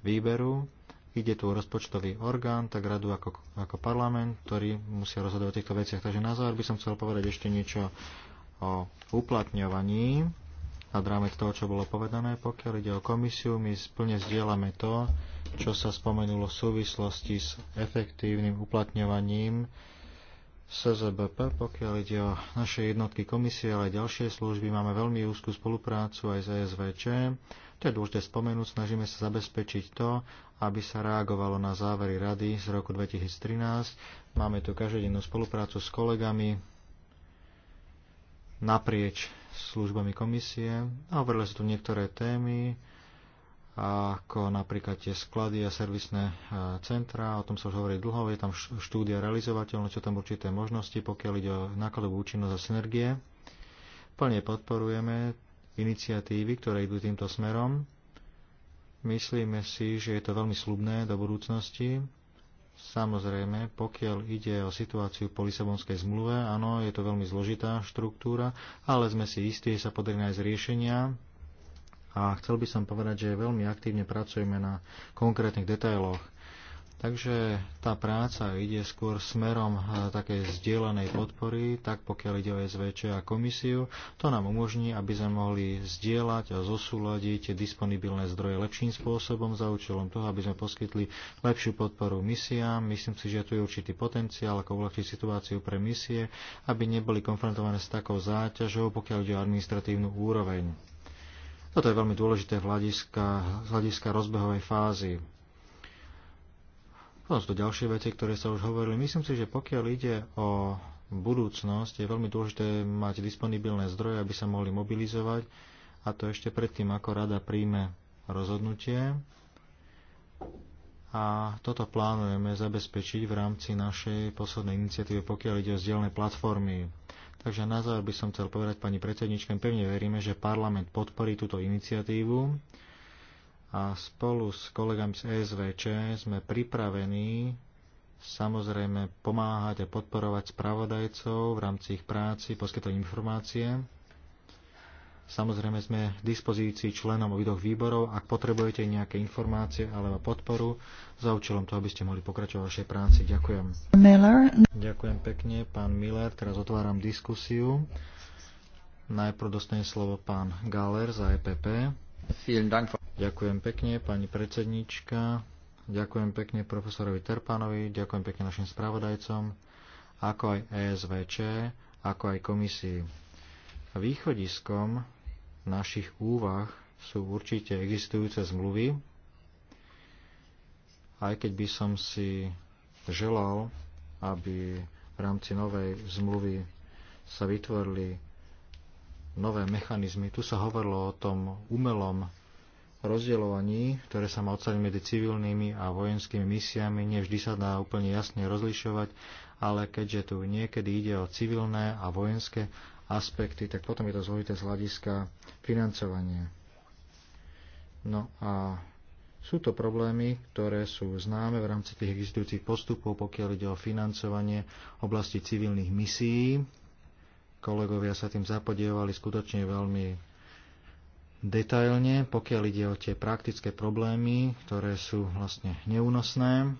S4: výberu. Ide tu rozpočtový orgán, tak radu ako, ako parlament, ktorý musia rozhodovať o týchto veciach. Takže na záver by som chcel povedať ešte niečo o uplatňovaní nad rámec toho, čo bolo povedané. Pokiaľ ide o komisiu, my plne zdieľame to, čo sa spomenulo v súvislosti s efektívnym uplatňovaním SZBP, pokiaľ ide o naše jednotky komisie, ale aj ďalšie služby, máme veľmi úzkú spoluprácu aj s ESVČ. To je dôležité spomenúť, snažíme sa zabezpečiť to, aby sa reagovalo na závery rady z roku 2013. Máme tu každodennú spoluprácu s kolegami naprieč službami komisie a hovorili sa tu niektoré témy, ako napríklad tie sklady a servisné e, centra, o tom sa už hovorí dlho, je tam štúdia realizovateľná, sú tam určité možnosti, pokiaľ ide o nákladovú účinnosť a synergie. Plne podporujeme iniciatívy, ktoré idú týmto smerom. Myslíme si, že je to veľmi slubné do budúcnosti Samozrejme, pokiaľ ide o situáciu po Lisabonskej zmluve, áno, je to veľmi zložitá štruktúra, ale sme si istí, že sa podarí nájsť riešenia. A chcel by som povedať, že veľmi aktívne pracujeme na konkrétnych detailoch. Takže tá práca ide skôr smerom e, takej zdieľanej podpory, tak pokiaľ ide o SVČ a komisiu. To nám umožní, aby sme mohli zdieľať a zosúľadiť disponibilné zdroje lepším spôsobom za účelom toho, aby sme poskytli lepšiu podporu misiám. Myslím si, že tu je určitý potenciál, ako uľahčiť situáciu pre misie, aby neboli konfrontované s takou záťažou, pokiaľ ide o administratívnu úroveň. Toto je veľmi dôležité hľadiska, hľadiska rozbehovej fázy. Potom sú to ďalšie veci, ktoré sa už hovorili. Myslím si, že pokiaľ ide o budúcnosť, je veľmi dôležité mať disponibilné zdroje, aby sa mohli mobilizovať a to ešte predtým, ako rada príjme rozhodnutie. A toto plánujeme zabezpečiť v rámci našej poslednej iniciatívy, pokiaľ ide o zdieľné platformy. Takže na záver by som chcel povedať pani predsedničke, pevne veríme, že parlament podporí túto iniciatívu a spolu s kolegami z ESVČ sme pripravení samozrejme pomáhať a podporovať spravodajcov v rámci ich práci, poskytovať informácie. Samozrejme sme k dispozícii členom obidvoch výborov, ak potrebujete nejaké informácie alebo podporu za účelom toho, aby ste mohli pokračovať vašej práci. Ďakujem. Miller. Ďakujem pekne, pán Miller. Teraz otváram diskusiu. Najprv dostane slovo pán Galer za EPP. Ďakujem pekne, pani predsednička. Ďakujem pekne profesorovi Terpanovi, ďakujem pekne našim spravodajcom, ako aj ESVČ, ako aj komisii. Východiskom našich úvah sú určite existujúce zmluvy, aj keď by som si želal, aby v rámci novej zmluvy sa vytvorili nové mechanizmy. Tu sa hovorilo o tom umelom rozdeľovaní, ktoré sa má odstať medzi civilnými a vojenskými misiami. Nevždy sa dá úplne jasne rozlišovať, ale keďže tu niekedy ide o civilné a vojenské aspekty, tak potom je to zložité z hľadiska financovania. No a sú to problémy, ktoré sú známe v rámci tých existujúcich postupov, pokiaľ ide o financovanie oblasti civilných misií kolegovia sa tým zapodievali skutočne veľmi detailne, pokiaľ ide o tie praktické problémy, ktoré sú vlastne neúnosné.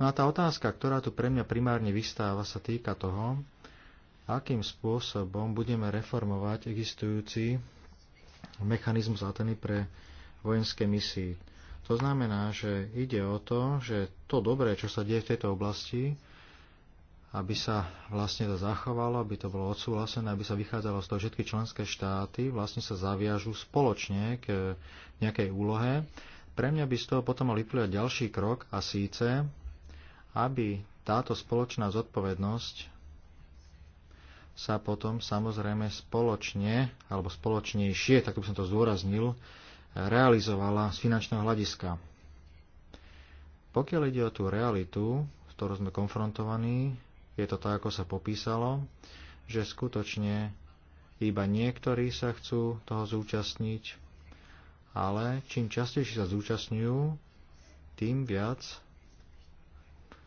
S4: No a tá otázka, ktorá tu pre mňa primárne vystáva, sa týka toho, akým spôsobom budeme reformovať existujúci mechanizmus Ateny pre vojenské misie. To znamená, že ide o to, že to dobré, čo sa deje v tejto oblasti, aby sa vlastne to zachovalo, aby to bolo odsúhlasené, aby sa vychádzalo z toho, všetky členské štáty vlastne sa zaviažú spoločne k nejakej úlohe. Pre mňa by z toho potom mal vyplývať ďalší krok a síce, aby táto spoločná zodpovednosť sa potom samozrejme spoločne, alebo spoločnejšie, tak by som to zdôraznil, realizovala z finančného hľadiska. Pokiaľ ide o tú realitu, s ktorou sme konfrontovaní, je to tak, ako sa popísalo, že skutočne iba niektorí sa chcú toho zúčastniť, ale čím častejšie sa zúčastňujú, tým viac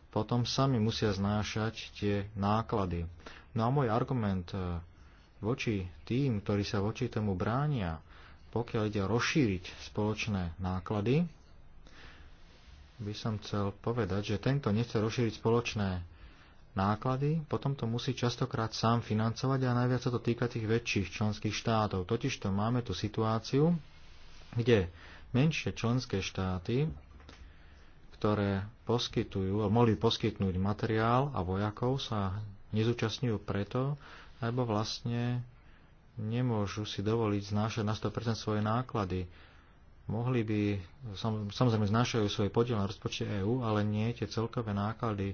S4: potom sami musia znášať tie náklady. No a môj argument e, voči tým, ktorí sa voči tomu bránia, pokiaľ ide rozšíriť spoločné náklady, by som chcel povedať, že tento nechce rozšíriť spoločné náklady, potom to musí častokrát sám financovať a najviac sa to týka tých väčších členských štátov. Totižto máme tu situáciu, kde menšie členské štáty, ktoré poskytujú, mohli poskytnúť materiál a vojakov, sa nezúčastňujú preto, lebo vlastne nemôžu si dovoliť znášať na 100% svoje náklady mohli by, samozrejme znášajú svoj podiel na rozpočte EÚ, ale nie tie celkové náklady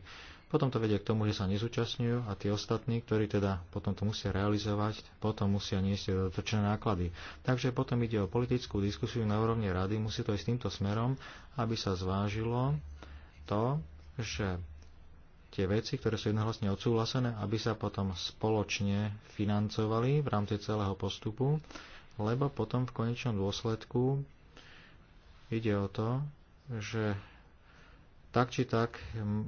S4: potom to vedie k tomu, že sa nezúčastňujú a tí ostatní, ktorí teda potom to musia realizovať, potom musia niesť dotočené náklady. Takže potom ide o politickú diskusiu na úrovni rady, musí to ísť týmto smerom, aby sa zvážilo to, že tie veci, ktoré sú jednohlasne odsúhlasené, aby sa potom spoločne financovali v rámci celého postupu, lebo potom v konečnom dôsledku ide o to, že tak či tak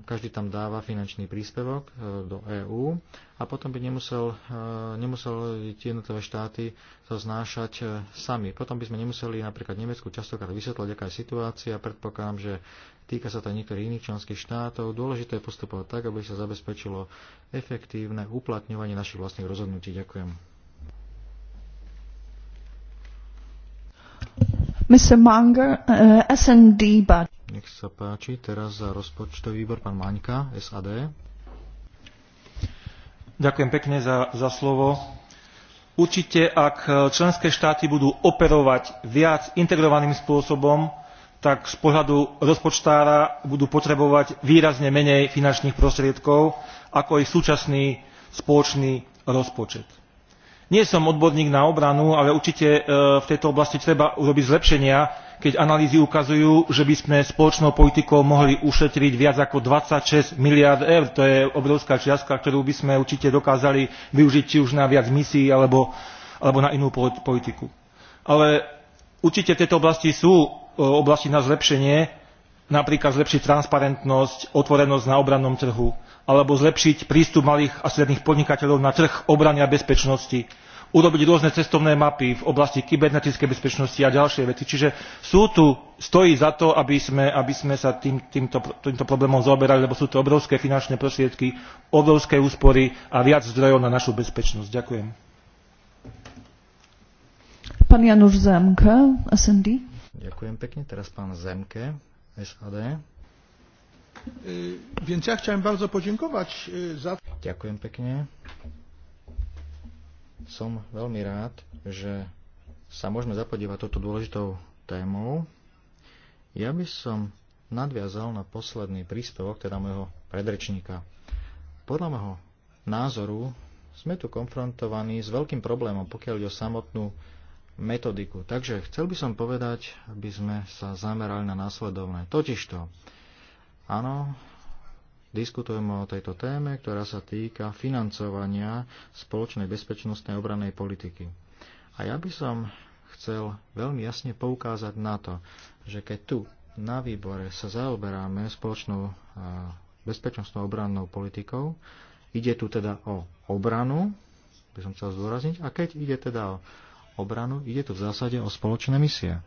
S4: každý tam dáva finančný príspevok e, do EÚ a potom by nemusel, e, nemusel tie jednotlivé štáty to znášať e, sami. Potom by sme nemuseli napríklad Nemecku častokrát vysvetľať, aká je situácia. Predpokladám, že týka sa to niektorých iných členských štátov. Dôležité je postupovať tak, aby sa zabezpečilo efektívne uplatňovanie našich vlastných rozhodnutí. Ďakujem.
S1: Mr. Munger, uh, SND, but...
S4: Nech sa páči, teraz za rozpočtový výbor pán Maňka, SAD.
S3: Ďakujem pekne za, za slovo. Určite, ak členské štáty budú operovať viac integrovaným spôsobom, tak z pohľadu rozpočtára budú potrebovať výrazne menej finančných prostriedkov ako ich súčasný spoločný rozpočet nie som odborník na obranu ale určite e, v tejto oblasti treba urobiť zlepšenia keď analýzy ukazujú že by sme spoločnou politikou mohli ušetriť viac ako twenty six miliárd eur to je obrovská čiastka ktorú by sme určite dokázali využiť či už na viac misií alebo, alebo na inú politiku. ale určite v tejto oblasti sú e, oblasti na zlepšenie napríklad zlepšiť transparentnosť otvorenosť na obrannom trhu alebo zlepšiť prístup malých a stredných podnikateľov na trh obrany a bezpečnosti urobiť rôzne cestovné mapy v oblasti kybernetickej bezpečnosti a ďalšie veci. Čiže sú tu, stojí za to, aby sme, aby sme sa tým, týmto, týmto problémom zaoberali, lebo sú to obrovské finančné prostriedky, obrovské úspory a viac zdrojov na našu bezpečnosť. Ďakujem.
S1: Pán Januš Zemke, SND.
S4: Ďakujem pekne. Teraz pán Zemke, SAD. Więc ja chciałem bardzo podziękować za... Ďakujem pekne. Som veľmi rád, že sa môžeme zapodívať touto dôležitou témou. Ja by som nadviazal na posledný príspevok, teda môjho predrečníka. Podľa môjho názoru sme tu konfrontovaní s veľkým problémom, pokiaľ ide o samotnú metodiku. Takže chcel by som povedať, aby sme sa zamerali na následovné. Totižto, áno, diskutujeme o tejto téme, ktorá sa týka financovania spoločnej bezpečnostnej obranej politiky. A ja by som chcel veľmi jasne poukázať na to, že keď tu na výbore sa zaoberáme spoločnou e, bezpečnostnou obrannou politikou, ide tu teda o obranu, by som chcel zdôrazniť, a keď ide teda o obranu, ide tu v zásade o spoločné misie.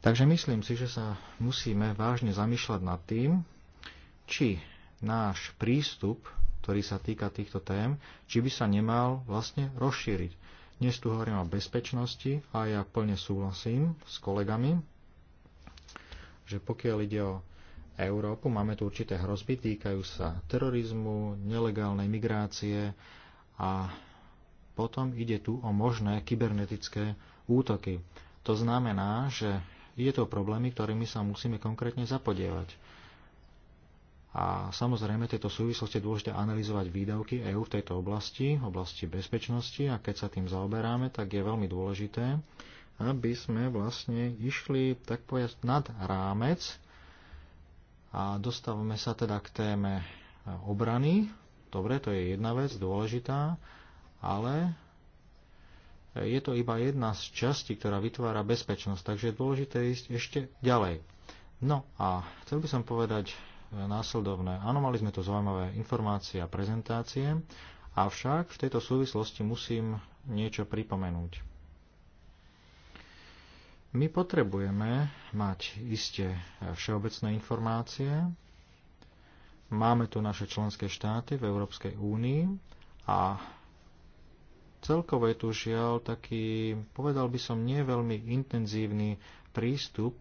S4: Takže myslím si, že sa musíme vážne zamýšľať nad tým, či náš prístup, ktorý sa týka týchto tém, či by sa nemal vlastne rozšíriť. Dnes tu hovorím o bezpečnosti a ja plne súhlasím s kolegami, že pokiaľ ide o Európu, máme tu určité hrozby, týkajú sa terorizmu, nelegálnej migrácie a potom ide tu o možné kybernetické útoky. To znamená, že je to problémy, ktorými sa musíme konkrétne zapodievať. A samozrejme, tieto súvislosti je dôležité analyzovať výdavky EÚ v tejto oblasti, oblasti bezpečnosti a keď sa tým zaoberáme, tak je veľmi dôležité, aby sme vlastne išli, tak povedať, nad rámec a dostávame sa teda k téme obrany. Dobre, to je jedna vec dôležitá ale je to iba jedna z častí, ktorá vytvára bezpečnosť, takže je dôležité ísť ešte ďalej. No a chcel by som povedať e, následovné. Áno, mali sme tu zaujímavé informácie a prezentácie, avšak v tejto súvislosti musím niečo pripomenúť. My potrebujeme mať iste všeobecné informácie. Máme tu naše členské štáty v Európskej únii a Celkovo je tu žiaľ taký, povedal by som, nie veľmi intenzívny prístup,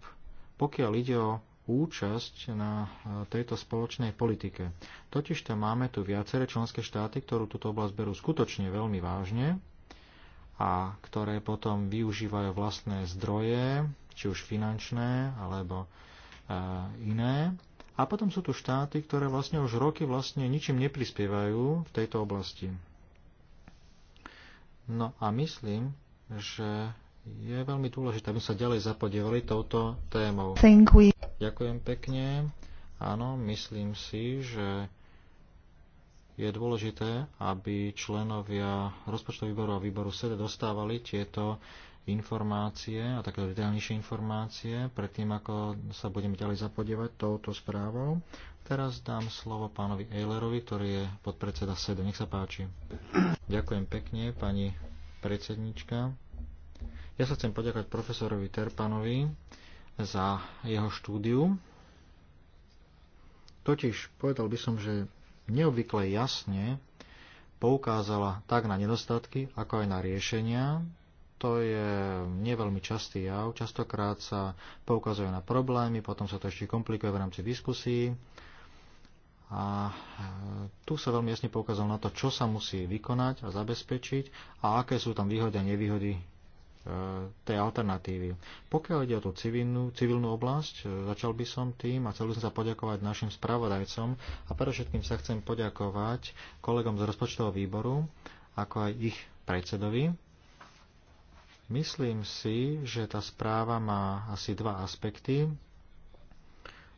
S4: pokiaľ ide o účasť na e, tejto spoločnej politike. Totiž tam máme tu viaceré členské štáty, ktorú túto oblasť berú skutočne veľmi vážne a ktoré potom využívajú vlastné zdroje, či už finančné alebo e, iné. A potom sú tu štáty, ktoré vlastne už roky vlastne ničím neprispievajú v tejto oblasti. No a myslím, že je veľmi dôležité, aby sa ďalej zapodievali touto témou. Ďakujem pekne. Áno, myslím si, že je dôležité, aby členovia rozpočtového výboru a výboru SED dostávali tieto informácie a také detaľnejšie informácie predtým, ako sa budeme ďalej zapodievať touto správou. Teraz dám slovo pánovi Eilerovi, ktorý je podpredseda SEDE. Nech sa páči. [CLEARS THROAT] Ďakujem pekne, pani predsednička. Ja sa chcem poďakovať profesorovi Terpanovi za jeho štúdiu. Totiž povedal by som, že neobvykle jasne poukázala tak na nedostatky, ako aj na riešenia. To je neveľmi častý jav. Častokrát sa poukazuje na problémy, potom sa to ešte komplikuje v rámci diskusí a e, tu sa veľmi jasne poukázal na to, čo sa musí vykonať a zabezpečiť a aké sú tam výhody a nevýhody e, tej alternatívy. Pokiaľ ide o tú civilnú, civilnú oblasť, e, začal by som tým a chcel by som sa poďakovať našim spravodajcom a predovšetkým sa chcem poďakovať kolegom z rozpočtového výboru, ako aj ich predsedovi. Myslím si, že tá správa má asi dva aspekty.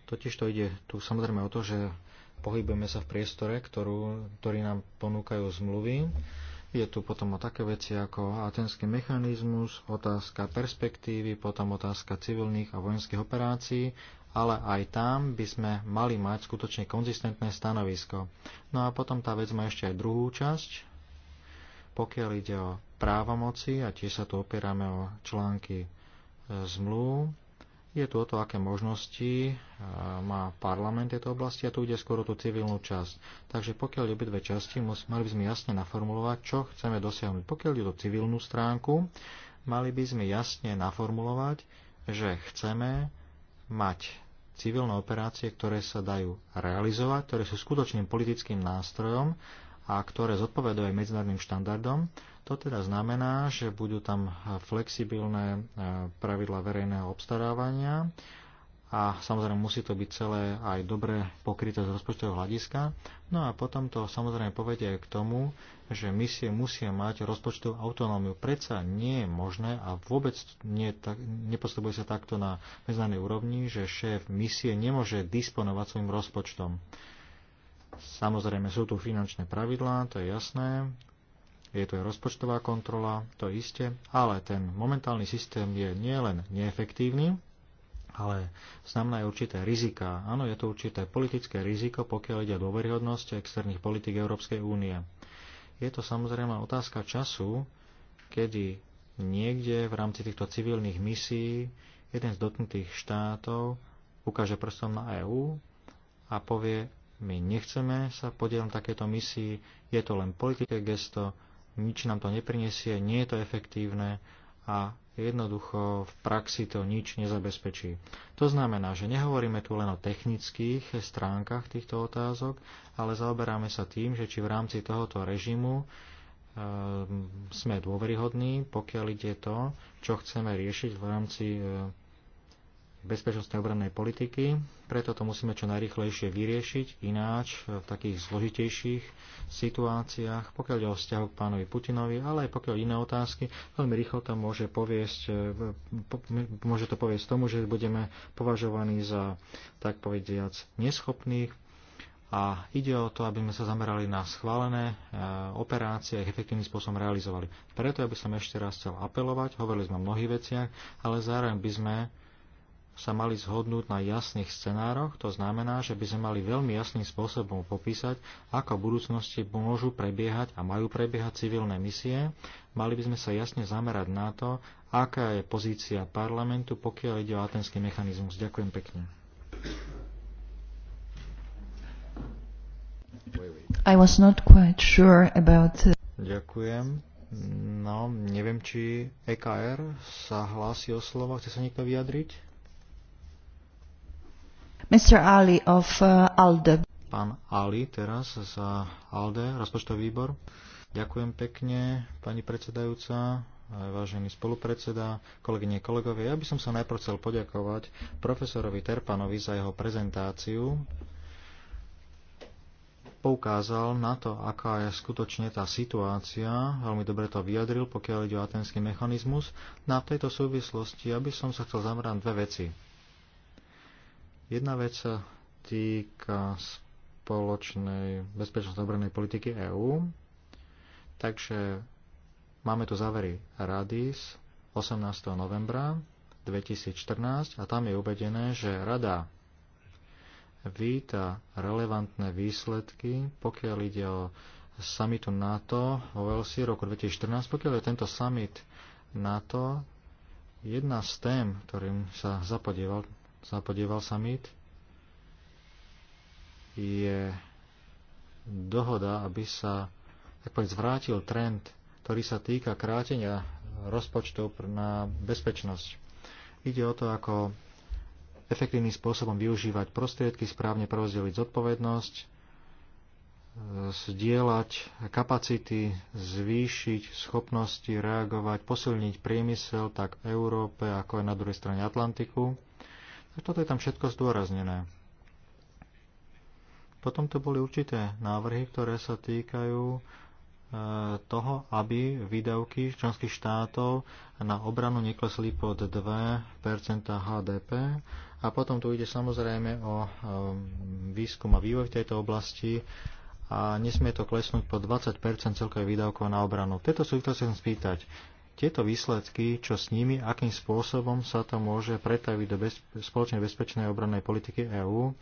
S4: Totiž to ide tu samozrejme o to, že pohybujeme sa v priestore, ktorú, ktorý nám ponúkajú zmluvy. Je tu potom o také veci ako atenský mechanizmus, otázka perspektívy, potom otázka civilných a vojenských operácií, ale aj tam by sme mali mať skutočne konzistentné stanovisko. No a potom tá vec má ešte aj druhú časť, pokiaľ ide o právomoci, a tiež sa tu opierame o články e, zmluv, je tu o to, aké možnosti má parlament tejto oblasti a tu ide skôr tú civilnú časť. Takže pokiaľ obidve dve časti, mali by sme jasne naformulovať, čo chceme dosiahnuť. Pokiaľ ide o civilnú stránku, mali by sme jasne naformulovať, že chceme mať civilné operácie, ktoré sa dajú realizovať, ktoré sú skutočným politickým nástrojom a ktoré zodpovedajú medzinárodným štandardom. To teda znamená, že budú tam flexibilné e, pravidla verejného obstarávania a samozrejme musí to byť celé aj dobre pokryté z rozpočtového hľadiska. No a potom to samozrejme povedie aj k tomu, že misie musia mať rozpočtovú autonómiu. Predsa nie je možné a vôbec nie, tak, nepostupuje sa takto na medzinárodnej úrovni, že šéf misie nemôže disponovať svojim rozpočtom. Samozrejme sú tu finančné pravidlá, to je jasné, je tu aj rozpočtová kontrola, to je isté, ale ten momentálny systém je nielen neefektívny, ale znamená aj určité rizika. Áno, je to určité politické riziko, pokiaľ ide o dôveryhodnosť externých politik Európskej únie. Je to samozrejme otázka času, kedy niekde v rámci týchto civilných misií jeden z dotknutých štátov ukáže prstom na EÚ a povie, my nechceme sa podielať na takéto misii, je to len politické gesto, nič nám to neprinesie, nie je to efektívne a jednoducho v praxi to nič nezabezpečí. To znamená, že nehovoríme tu len o technických stránkach týchto otázok, ale zaoberáme sa tým, že či v rámci tohoto režimu e, sme dôveryhodní, pokiaľ ide to, čo chceme riešiť v rámci e, bezpečnostnej obrannej politiky, preto to musíme čo najrychlejšie vyriešiť, ináč v takých zložitejších situáciách, pokiaľ ide o vzťahu k pánovi Putinovi, ale aj pokiaľ iné otázky, veľmi rýchlo to môže, poviesť, e, môže to poviesť tomu, že budeme považovaní za, tak povediac, neschopných a ide o to, aby sme sa zamerali na schválené e, operácie a ich efektívnym spôsobom realizovali. Preto ja by som ešte raz chcel apelovať, hovorili sme o mnohých veciach, ale zároveň by sme sa mali zhodnúť na jasných scenároch, to znamená, že by sme mali veľmi jasným spôsobom popísať, ako v budúcnosti môžu prebiehať a majú prebiehať civilné misie, mali by sme sa jasne zamerať na to, aká je pozícia parlamentu, pokiaľ ide o atenský mechanizmus. Ďakujem pekne.
S2: I was not
S1: quite sure about...
S4: Ďakujem. No, neviem, či EKR sa hlási o slovo. Chce sa niekto vyjadriť?
S1: Mr. Ali of uh, ALDE.
S4: Pán Ali teraz za ALDE, rozpočtový výbor. Ďakujem pekne, pani predsedajúca, vážený spolupredseda, kolegyne, kolegovia. Ja by som sa najprv chcel poďakovať profesorovi Terpanovi za jeho prezentáciu. Poukázal na to, aká je skutočne tá situácia, veľmi dobre to vyjadril, pokiaľ ide o atenský mechanizmus. Na tejto súvislosti ja by som sa chcel zamerať dve veci. Jedna vec sa týka spoločnej bezpečnosti obranej politiky EÚ. Takže máme tu závery rady z 18. novembra 2014 a tam je uvedené, že rada víta relevantné výsledky, pokiaľ ide o samitu NATO vo Velsi roku 2014, pokiaľ je tento summit NATO jedna z tém, ktorým sa zapodieval sa Valsamit je dohoda, aby sa tak povedz, zvrátil trend, ktorý sa týka krátenia rozpočtov na bezpečnosť. Ide o to, ako efektívnym spôsobom využívať prostriedky, správne prerozdeliť zodpovednosť, zdieľať kapacity, zvýšiť schopnosti reagovať, posilniť priemysel tak v Európe, ako aj na druhej strane Atlantiku toto je tam všetko zdôraznené. Potom tu boli určité návrhy, ktoré sa týkajú e, toho, aby výdavky členských štátov na obranu neklesli pod 2 HDP. A potom tu ide samozrejme o e, výskum a vývoj v tejto oblasti a nesmie to klesnúť po 20 celkovej výdavkov na obranu. V tejto súvislosti chcem spýtať, tieto výsledky, čo s nimi, akým spôsobom sa to môže pretaviť do bez, spoločnej bezpečnej obrannej politiky EÚ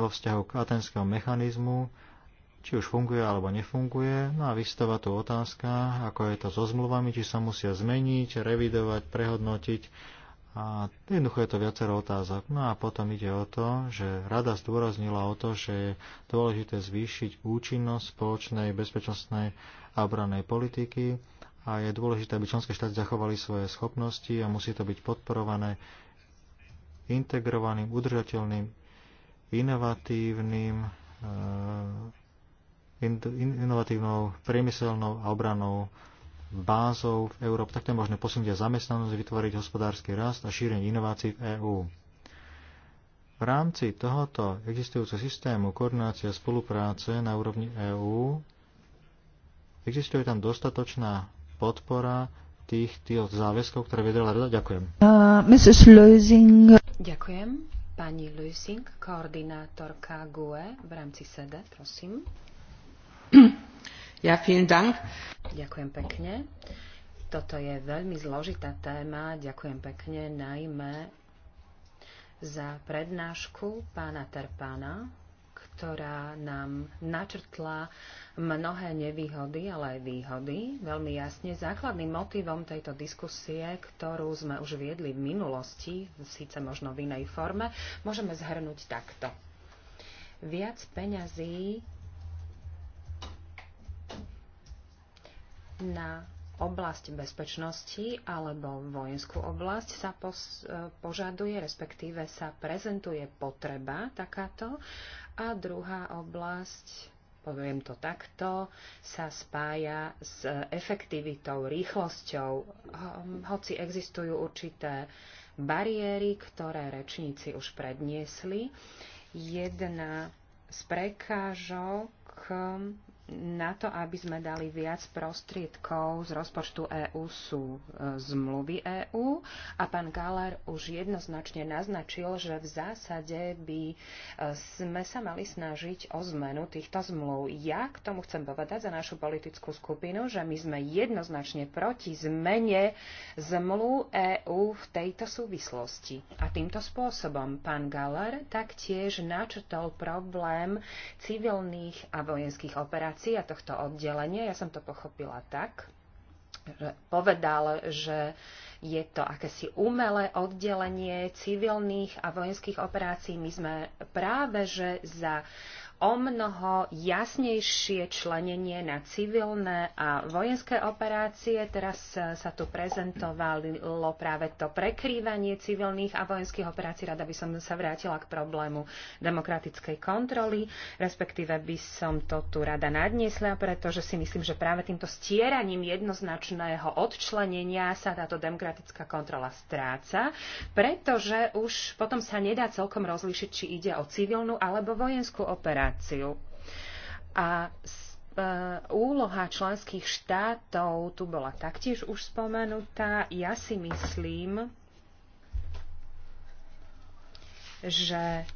S4: vo vzťahu k atenskému mechanizmu, či už funguje alebo nefunguje. No a vystáva tu otázka, ako je to so zmluvami, či sa musia zmeniť, revidovať, prehodnotiť. A jednoducho je to viacero otázok. No a potom ide o to, že rada zdôraznila o to, že je dôležité zvýšiť účinnosť spoločnej bezpečnostnej a obrannej politiky, a je dôležité, aby členské štáty zachovali svoje schopnosti a musí to byť podporované integrovaným, udržateľným, inovatívnym, eh, inovatívnou priemyselnou a obranou bázou v Európe. Takto je možné posunúť aj zamestnanosť, vytvoriť hospodársky rast a šírenie inovácií v EÚ. V rámci tohoto existujúceho systému koordinácia spolupráce na úrovni EÚ existuje tam dostatočná podpora tých, tých záväzkov, ktoré vedela rada? Ďakujem.
S1: Uh,
S2: Mrs. Lusing. Ďakujem. Pani Lusing, koordinátorka GUE v rámci SEDE, prosím. Ja, vielen Dank. Ďakujem pekne. Toto je veľmi zložitá téma. Ďakujem pekne najmä za prednášku pána Terpána, ktorá nám načrtla mnohé nevýhody, ale aj výhody. Veľmi jasne základným motivom tejto diskusie, ktorú sme už viedli v minulosti, síce možno v inej forme, môžeme zhrnúť takto. Viac peňazí na oblasť bezpečnosti alebo vojenskú oblasť sa pos, požaduje, respektíve sa prezentuje potreba takáto a druhá oblasť, poviem to takto, sa spája s efektivitou, rýchlosťou, hoci existujú určité bariéry, ktoré rečníci už predniesli. Jedna z prekážok na to, aby sme dali viac prostriedkov z rozpočtu EÚ sú e, zmluvy EÚ a pán Galler už jednoznačne naznačil, že v zásade by e, sme sa mali snažiť o zmenu týchto zmluv. Ja k tomu chcem povedať za našu politickú skupinu, že my sme jednoznačne proti zmene zmluv EÚ v tejto súvislosti. A týmto spôsobom pán Galler taktiež načrtol problém civilných a vojenských operácií organizácií a tohto oddelenia. Ja som to pochopila tak, že povedal, že je to akési umelé oddelenie civilných a vojenských operácií. My sme práve že za o mnoho jasnejšie členenie na civilné a vojenské operácie. Teraz e, sa tu prezentovalo práve to prekrývanie civilných a vojenských operácií. Rada by som sa vrátila k problému demokratickej kontroly, respektíve by som to tu rada nadniesla, pretože si myslím, že práve týmto stieraním jednoznačného odčlenenia sa táto demokratická kontrola stráca, pretože už potom sa nedá celkom rozlíšiť, či ide o civilnú alebo vojenskú operáciu migráciu. A e, úloha členských štátov tu bola taktiež už spomenutá. Ja si myslím, že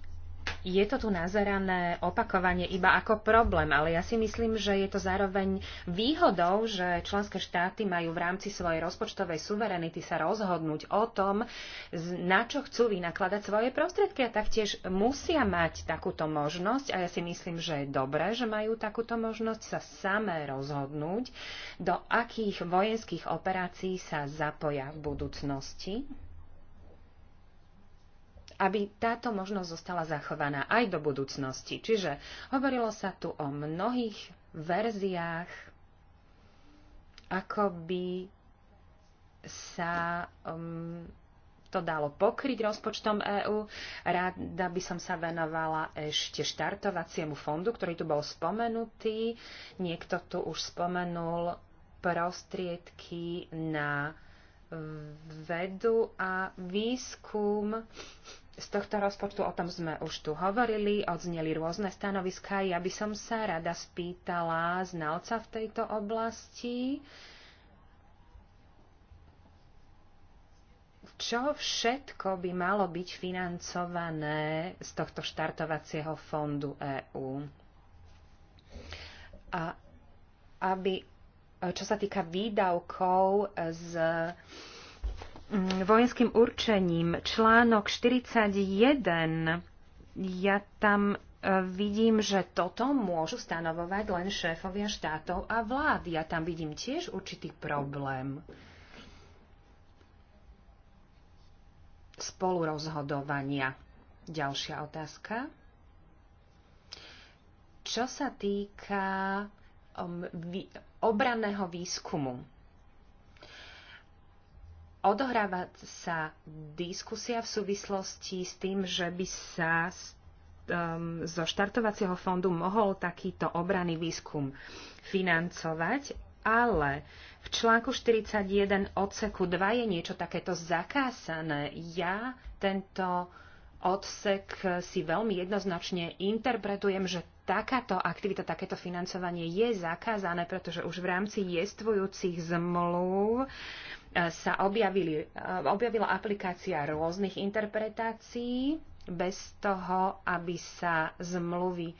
S2: je to tu nazerané opakovanie iba ako problém, ale ja si myslím, že je to zároveň výhodou, že členské štáty majú v rámci svojej rozpočtovej suverenity sa rozhodnúť o tom, na čo chcú vynakladať svoje prostriedky a taktiež musia mať takúto možnosť a ja si myslím, že je dobré, že majú takúto možnosť sa samé rozhodnúť, do akých vojenských operácií sa zapoja v budúcnosti aby táto možnosť zostala zachovaná aj do budúcnosti. Čiže hovorilo sa tu o mnohých verziách, ako by sa um, to dalo pokryť rozpočtom EÚ. Rada by som sa venovala ešte štartovaciemu fondu, ktorý tu bol spomenutý. Niekto tu už spomenul prostriedky na vedu a výskum z tohto rozpočtu, o tom sme už tu hovorili, odzneli rôzne stanoviská. Ja by som sa rada spýtala znalca v tejto oblasti, čo všetko by malo byť financované z tohto štartovacieho fondu EÚ. A aby čo sa týka výdavkov s mm, vojenským určením, článok 41, ja tam e, vidím, že toto môžu stanovovať len šéfovia štátov a vlád. Ja tam vidím tiež určitý problém. Spolurozhodovania. Ďalšia otázka. Čo sa týka Um, obranného výskumu. Odohráva sa diskusia v súvislosti s tým, že by sa um, zo štartovacieho fondu mohol takýto obranný výskum financovať, ale v článku 41 odseku 2 je niečo takéto zakázané. Ja tento odsek si veľmi jednoznačne interpretujem, že takáto aktivita, takéto financovanie je zakázané, pretože už v rámci jestvujúcich zmluv e, sa objavili, e, objavila aplikácia rôznych interpretácií bez toho, aby sa zmluvy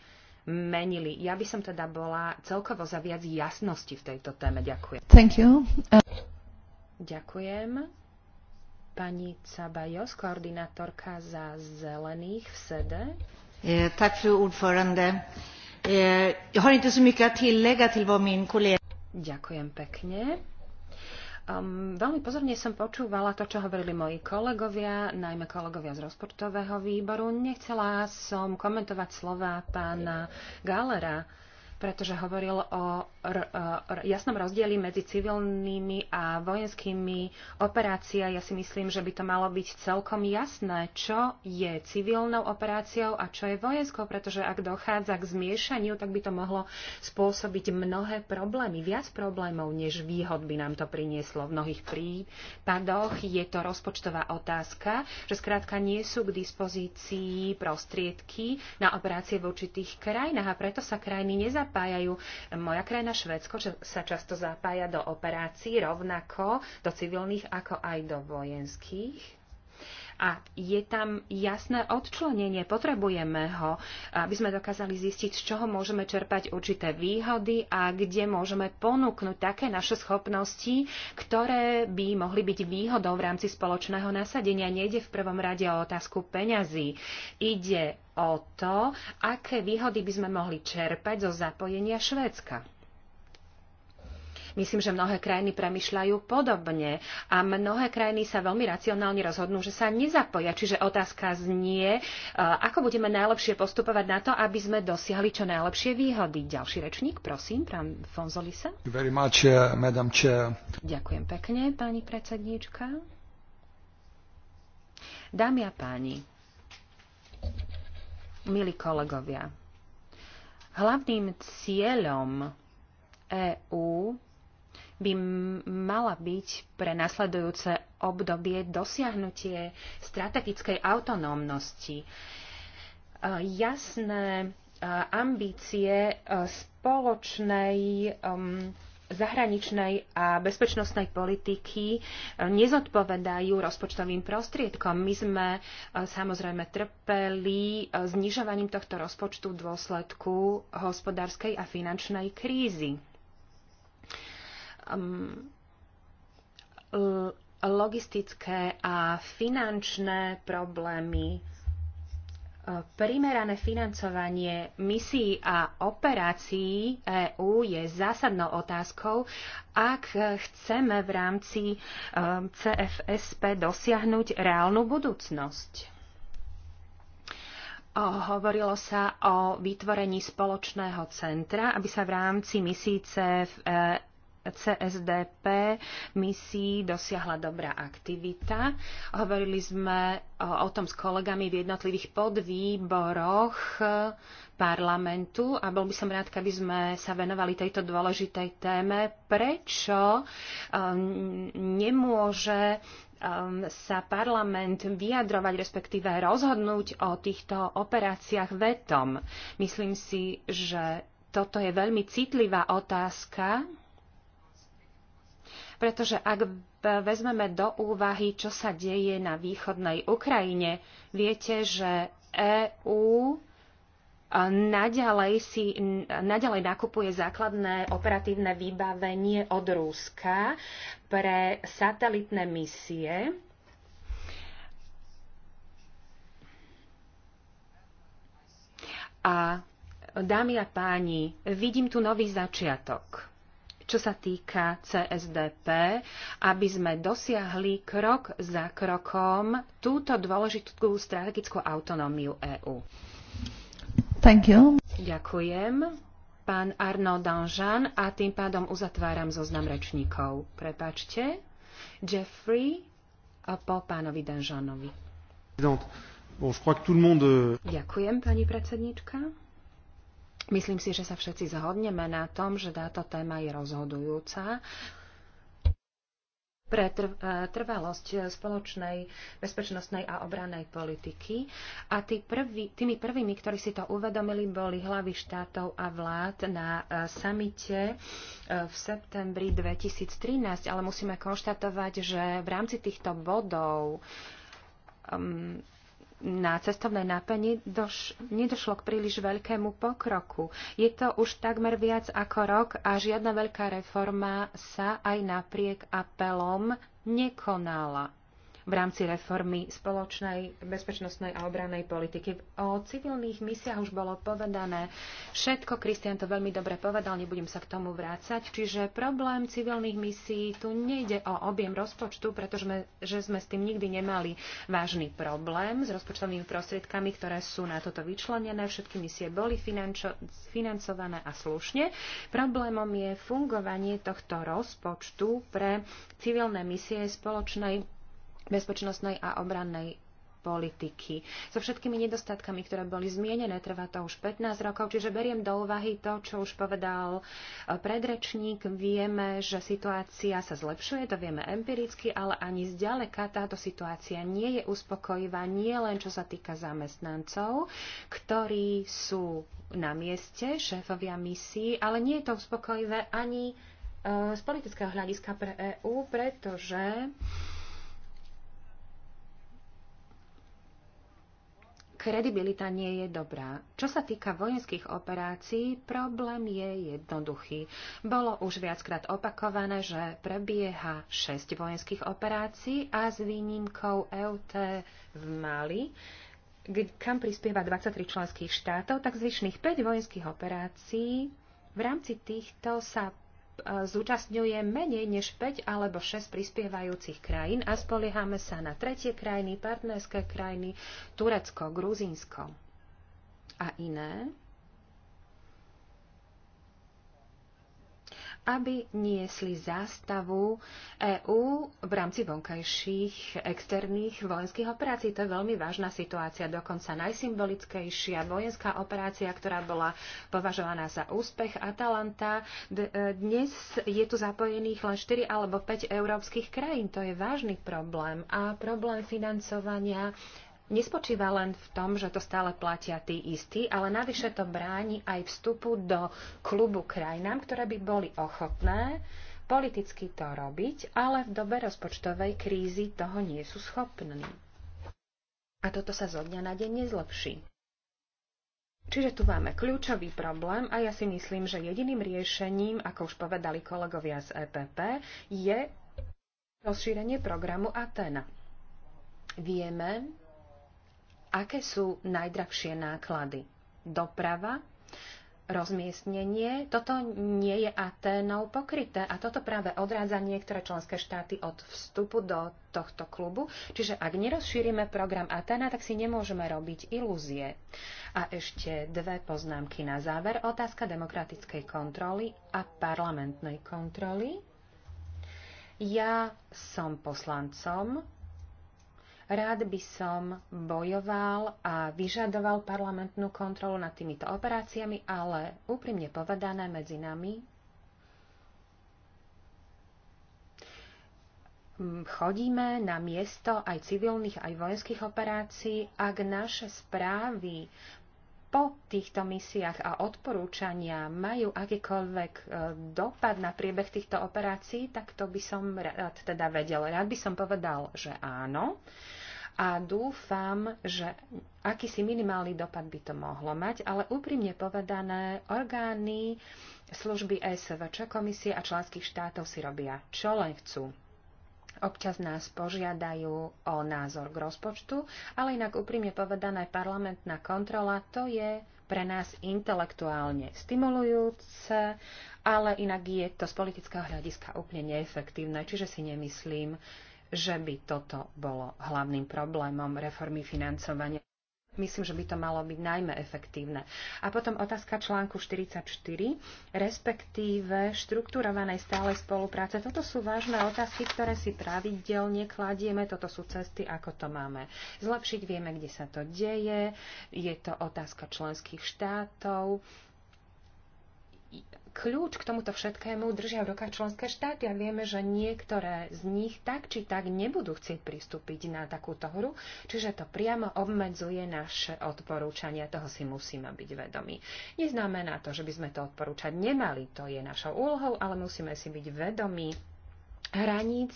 S2: menili. Ja by som teda bola celkovo za viac jasnosti v tejto téme. Ďakujem. Thank you. Uh... Ďakujem. Pani Cabajos, koordinátorka za zelených v SEDE. Eh, tack fru ordförande. Eh, jag har inte så mycket att tillägga till vad min kollega... Ďakujem pekne. Um, veľmi pozorne som počúvala to, čo hovorili moji kolegovia, najmä kolegovia z rozpočtového výboru. Nechcela som komentovať slova pána Galera. Uh, pretože hovoril o e, jasnom rozdieli medzi civilnými a vojenskými operáciami. Ja si myslím, že by to malo byť celkom jasné, čo je civilnou operáciou a čo je vojenskou, pretože ak dochádza k zmiešaniu, tak by to mohlo spôsobiť mnohé problémy, viac problémov, než výhod by nám to prinieslo. V mnohých prípadoch je to rozpočtová otázka, že skrátka nie sú k dispozícii prostriedky na operácie v určitých krajinách a preto sa krajiny nezapájajú zapájajú. Moja krajina Švedsko sa často zapája do operácií rovnako do civilných ako aj do vojenských a je tam jasné odčlenenie. Potrebujeme ho, aby sme dokázali zistiť, z čoho môžeme čerpať určité výhody a kde môžeme ponúknuť také naše schopnosti, ktoré by mohli byť výhodou v rámci spoločného nasadenia. Nejde v prvom rade o otázku peňazí. Ide o to, aké výhody by sme mohli čerpať zo zapojenia Švédska. Myslím, že mnohé krajiny premyšľajú podobne a mnohé krajiny sa veľmi racionálne rozhodnú, že sa nezapoja. Čiže otázka znie, e, ako budeme najlepšie postupovať na to, aby sme dosiahli čo najlepšie výhody. Ďalší rečník, prosím, pán Fonzolisa.
S3: Much, uh,
S2: Ďakujem pekne, pani predsedníčka. Dámy a páni, milí kolegovia, hlavným cieľom EÚ by mala byť pre nasledujúce obdobie dosiahnutie strategickej autonómnosti. E, jasné e, ambície e, spoločnej zahraničnej a bezpečnostnej politiky nezodpovedajú rozpočtovým prostriedkom. My sme samozrejme trpeli znižovaním tohto rozpočtu v dôsledku hospodárskej a finančnej krízy logistické a finančné problémy, e, primerané financovanie misií a operácií EÚ je zásadnou otázkou, ak chceme v rámci e, CFSP dosiahnuť reálnu budúcnosť. Hovorilo sa o vytvorení spoločného centra, aby sa v rámci misíce v CSDP misií dosiahla dobrá aktivita. Hovorili sme o, o tom s kolegami v jednotlivých podvýboroch parlamentu a bol by som rád, aby sme sa venovali tejto dôležitej téme, prečo um, nemôže um, sa parlament vyjadrovať, respektíve rozhodnúť o týchto operáciách vetom. Myslím si, že toto je veľmi citlivá otázka, pretože ak vezmeme do úvahy, čo sa deje na východnej Ukrajine, viete, že EÚ naďalej, si, naďalej nakupuje základné operatívne vybavenie od Rúska pre satelitné misie. A dámy a páni, vidím tu nový začiatok čo sa týka CSDP, aby sme dosiahli krok za krokom túto dôležitú strategickú autonómiu EÚ. Thank you. Ďakujem pán Arno Danžan a tým pádom uzatváram zoznam rečníkov. Prepačte. Jeffrey a po pánovi Danžanovi.
S3: Bon, euh,
S2: Ďakujem, pani predsedníčka. Myslím si, že sa všetci zhodneme na tom, že táto téma je rozhodujúca pre e, trvalosť spoločnej bezpečnostnej a obranej politiky. A tí prví, tými prvými, ktorí si to uvedomili, boli hlavy štátov a vlád na e, samite e, v septembri 2013, ale musíme konštatovať, že v rámci týchto bodov um, na cestovnej nápe nedoš, nedošlo k príliš veľkému pokroku. Je to už takmer viac ako rok a žiadna veľká reforma sa aj napriek apelom nekonala v rámci reformy spoločnej bezpečnostnej a obranej politiky. O civilných misiách už bolo povedané všetko, Kristian to veľmi dobre povedal, nebudem sa k tomu vrácať. Čiže problém civilných misií tu nejde o objem rozpočtu, pretože sme, že sme s tým nikdy nemali vážny problém s rozpočtovými prostriedkami, ktoré sú na toto vyčlenené. Všetky misie boli finančo- financované a slušne. Problémom je fungovanie tohto rozpočtu pre civilné misie spoločnej bezpečnostnej a obrannej politiky. So všetkými nedostatkami, ktoré boli zmienené, trvá to už 15 rokov, čiže beriem do úvahy to, čo už povedal e, predrečník. Vieme, že situácia sa zlepšuje, to vieme empiricky, ale ani zďaleka táto situácia nie je uspokojivá, nie len čo sa týka zamestnancov, ktorí sú na mieste, šéfovia misií, ale nie je to uspokojivé ani e, z politického hľadiska pre EÚ, pretože kredibilita nie je dobrá. Čo sa týka vojenských operácií, problém je jednoduchý. Bolo už viackrát opakované, že prebieha 6 vojenských operácií a s výnimkou EUT v Mali, kam prispieva 23 členských štátov, tak zvyšných 5 vojenských operácií v rámci týchto sa zúčastňuje menej než 5 alebo 6 prispievajúcich krajín a spoliehame sa na tretie krajiny, partnerské krajiny, Turecko, Gruzínsko a iné aby niesli zástavu EÚ v rámci vonkajších externých vojenských operácií. To je veľmi vážna situácia, dokonca najsymbolickejšia vojenská operácia, ktorá bola považovaná za úspech Atalanta. E, dnes je tu zapojených len 4 alebo 5 európskych krajín. To je vážny problém a problém financovania nespočíva len v tom, že to stále platia tí istí, ale navyše to bráni aj vstupu do klubu krajinám, ktoré by boli ochotné politicky to robiť, ale v dobe rozpočtovej krízy toho nie sú schopní. A toto sa zo dňa na deň nezlepší. Čiže tu máme kľúčový problém a ja si myslím, že jediným riešením, ako už povedali kolegovia z EPP, je rozšírenie programu Atena. Vieme, aké sú najdrahšie náklady. Doprava, rozmiestnenie, toto nie je Aténou pokryté a toto práve odrádza niektoré členské štáty od vstupu do tohto klubu. Čiže ak nerozšírime program Atena, tak si nemôžeme robiť ilúzie. A ešte dve poznámky na záver. Otázka demokratickej kontroly a parlamentnej kontroly. Ja som poslancom Rád by som bojoval a vyžadoval parlamentnú kontrolu nad týmito operáciami, ale úprimne povedané medzi nami chodíme na miesto aj civilných, aj vojenských operácií, ak naše správy po týchto misiách a odporúčania majú akýkoľvek e, dopad na priebeh týchto operácií, tak to by som rád teda vedel. Rád by som povedal, že áno a dúfam, že akýsi minimálny dopad by to mohlo mať, ale úprimne povedané, orgány služby SVČ, komisie a členských štátov si robia, čo len chcú. Občas nás požiadajú o názor k rozpočtu, ale inak úprimne povedané parlamentná kontrola to je pre nás intelektuálne stimulujúce, ale inak je to z politického hľadiska úplne neefektívne, čiže si nemyslím, že by toto bolo hlavným problémom reformy financovania myslím, že by to malo byť najmä efektívne. A potom otázka článku 44, respektíve štrukturovanej stálej spolupráce. Toto sú vážne otázky, ktoré si pravidelne kladieme. Toto sú cesty, ako to máme zlepšiť. Vieme, kde sa to deje. Je to otázka členských štátov kľúč k tomuto všetkému držia v rukách členské štáty a vieme, že niektoré z nich tak či tak nebudú chcieť pristúpiť na takúto hru, čiže to priamo obmedzuje naše odporúčania, toho si musíme byť vedomi. Neznamená to, že by sme to odporúčať nemali, to je našou úlohou, ale musíme si byť vedomi hraníc,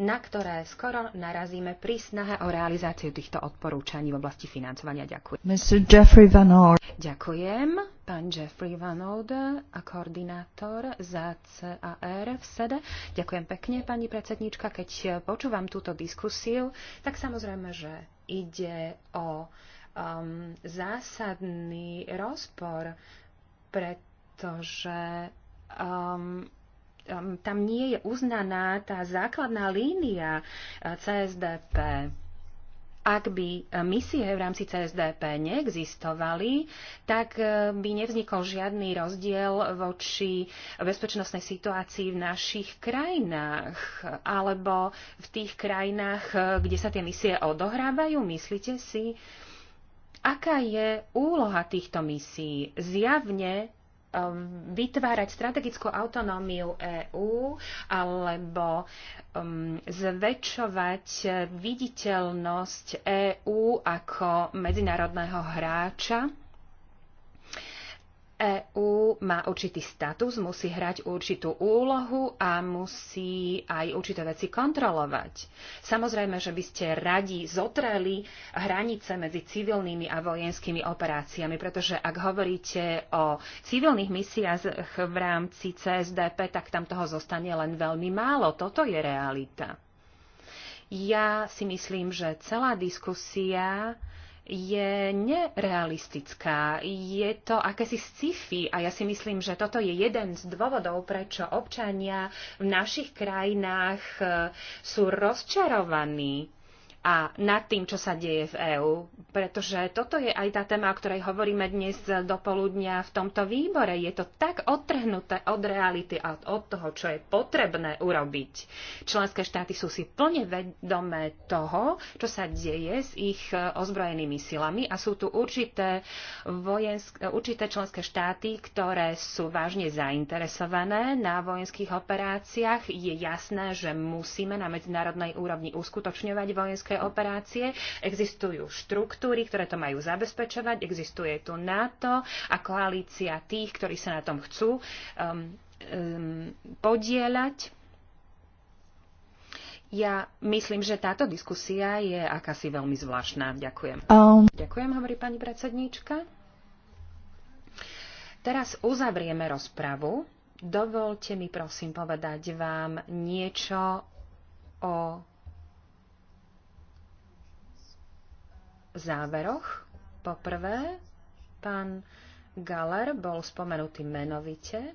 S2: na ktoré skoro narazíme pri snahe o realizáciu týchto odporúčaní v oblasti financovania. Ďakujem. Mr. Jeffrey Van Orde. Ďakujem, pán Jeffrey Van Orde, a koordinátor za CAR v SEDE. Ďakujem pekne, pani predsednička. Keď počúvam túto diskusiu, tak samozrejme, že ide o um, zásadný rozpor, pretože um, Ehm, tam nie je uznaná tá základná línia eh, CSDP. Ak by eh, misie v rámci CSDP neexistovali, tak eh, by nevznikol žiadny rozdiel voči bezpečnostnej situácii v našich krajinách alebo v tých krajinách, kde sa tie misie odohrávajú. Myslíte si, aká je úloha týchto misií? Zjavne Um, vytvárať strategickú autonómiu EÚ alebo um, zväčšovať viditeľnosť EÚ ako medzinárodného hráča EÚ má určitý status, musí hrať určitú úlohu a musí aj určité veci kontrolovať. Samozrejme, že by ste radi zotreli hranice medzi civilnými a vojenskými operáciami, pretože ak hovoríte o civilných misiách v rámci CSDP, tak tam toho zostane len veľmi málo. Toto je realita. Ja si myslím, že celá diskusia je nerealistická. Je to akési sci-fi a ja si myslím, že toto je jeden z dôvodov, prečo občania v našich krajinách eh, sú rozčarovaní a nad tým, čo sa deje v EÚ. Pretože toto je aj tá téma, o ktorej hovoríme dnes do poludnia v tomto výbore. Je to tak odtrhnuté od reality a od toho, čo je potrebné urobiť. Členské štáty sú si plne vedomé toho, čo sa deje s ich e, ozbrojenými silami a sú tu určité, vojensk- e, určité členské štáty, ktoré sú vážne zainteresované na vojenských operáciách. Je jasné, že musíme na medzinárodnej úrovni uskutočňovať vojenské vojenské operácie, existujú štruktúry, ktoré to majú zabezpečovať, existuje tu NATO a koalícia tých, ktorí sa na tom chcú um, um, podielať. Ja myslím, že táto diskusia je akási veľmi zvláštna. Ďakujem. Um. Ďakujem, hovorí pani predsedníčka. Teraz uzavrieme rozpravu. Dovolte mi prosím povedať vám niečo o záveroch. Poprvé, pán Galer bol spomenutý menovite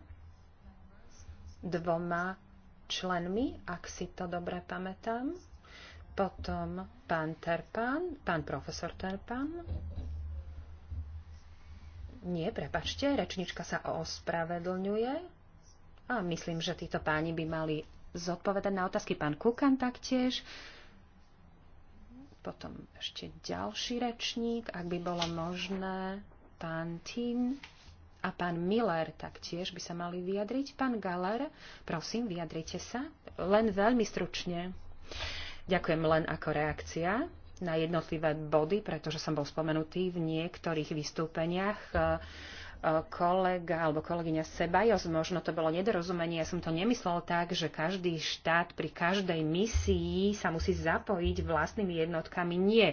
S2: dvoma členmi, ak si to dobre pamätám. Potom pán Terpan, pán profesor Terpan. Nie, prepačte, rečnička sa ospravedlňuje. A myslím, že títo páni by mali zodpovedať na otázky. Pán Kukan taktiež. Potom ešte ďalší rečník, ak by bolo možné, pán Tin a pán Miller taktiež by sa mali vyjadriť. Pán Galer, prosím, vyjadrite sa. Len veľmi stručne. Ďakujem len ako reakcia na jednotlivé body, pretože som bol spomenutý v niektorých vystúpeniach kolega alebo kolegyňa Sebajos, možno to bolo nedorozumenie, ja som to nemyslel tak, že každý štát pri každej misii sa musí zapojiť vlastnými jednotkami. Nie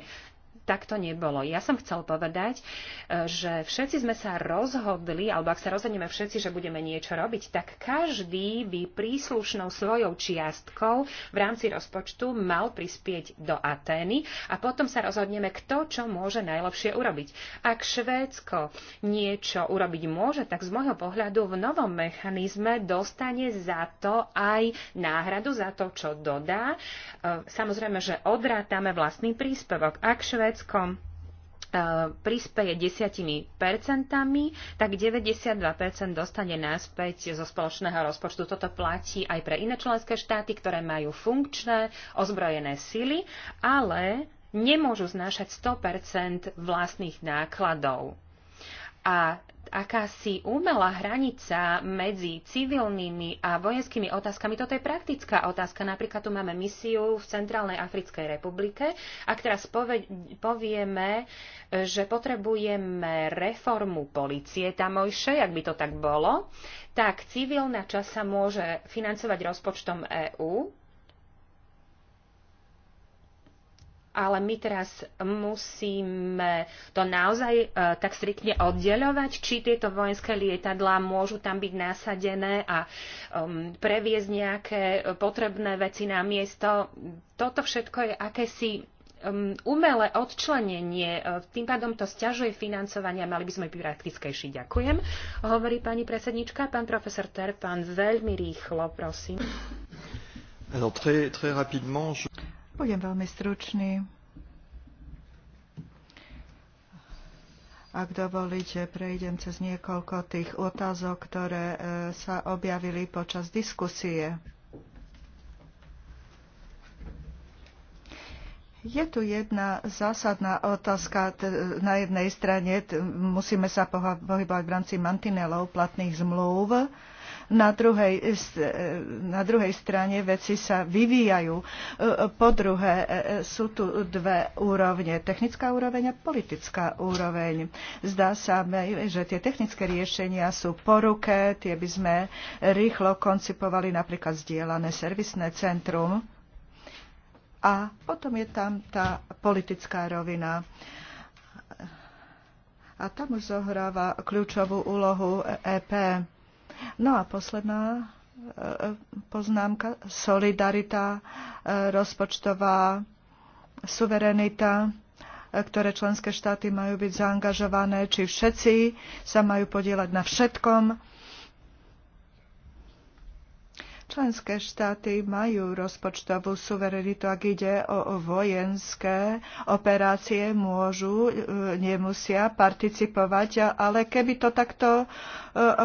S2: tak to nebolo. Ja som chcel povedať, e, že všetci sme sa rozhodli, alebo ak sa rozhodneme všetci, že budeme niečo robiť, tak každý by príslušnou svojou čiastkou v rámci rozpočtu mal prispieť do Atény a potom sa rozhodneme, kto čo môže najlepšie urobiť. Ak Švédsko niečo urobiť môže, tak z môjho pohľadu v novom mechanizme dostane za to aj náhradu za to, čo dodá. E, samozrejme, že odrátame vlastný príspevok. Ak Švédsko Grécko e, prispieje desiatimi percentami, tak 92% dostane naspäť zo spoločného rozpočtu. Toto platí aj pre iné členské štáty, ktoré majú funkčné ozbrojené sily, ale nemôžu znášať 100% vlastných nákladov a akási umelá hranica medzi civilnými a vojenskými otázkami. Toto je praktická otázka. Napríklad tu máme misiu v Centrálnej Africkej republike. Ak teraz povieme, že potrebujeme reformu policie tamojšej, ak by to tak bolo, tak civilná časť sa môže financovať rozpočtom EÚ, ale my teraz musíme to naozaj e, tak striktne oddeľovať, či tieto vojenské lietadlá môžu tam byť nasadené a um, previesť nejaké potrebné veci na miesto. Toto všetko je akési um, umelé odčlenenie. E, tým pádom to sťažuje financovanie a mali by sme byť praktickejší. Ďakujem, hovorí pani predsednička. Pán profesor Terpán, veľmi rýchlo, prosím.
S4: Alors, très, très rapidement, je...
S1: Budem veľmi stručný. Ak dovolíte, prejdem cez niekoľko tých otázok, ktoré e, sa objavili počas diskusie. Je tu jedna zásadná otázka. Na jednej strane musíme sa pohybovať v rámci mantinelov platných zmluv na druhej, e, na druhej strane veci sa vyvíjajú. E, po druhé, e, sú tu dve úrovne. Technická úroveň a politická úroveň. Zdá sa, že tie technické riešenia sú poruké, tie by sme rýchlo koncipovali, napríklad zdieľané servisné centrum. A potom je tam tá politická rovina a tam už zohráva kľúčovú úlohu EP. No a posledná e, e, poznámka, solidarita, e, rozpočtová suverenita, ktoré členské štáty majú byť zaangažované, či všetci sa majú podielať na všetkom Členské štáty majú rozpočtovú suverenitu, ak ide o vojenské operácie, môžu, e, nemusia participovať, ale keby to takto e,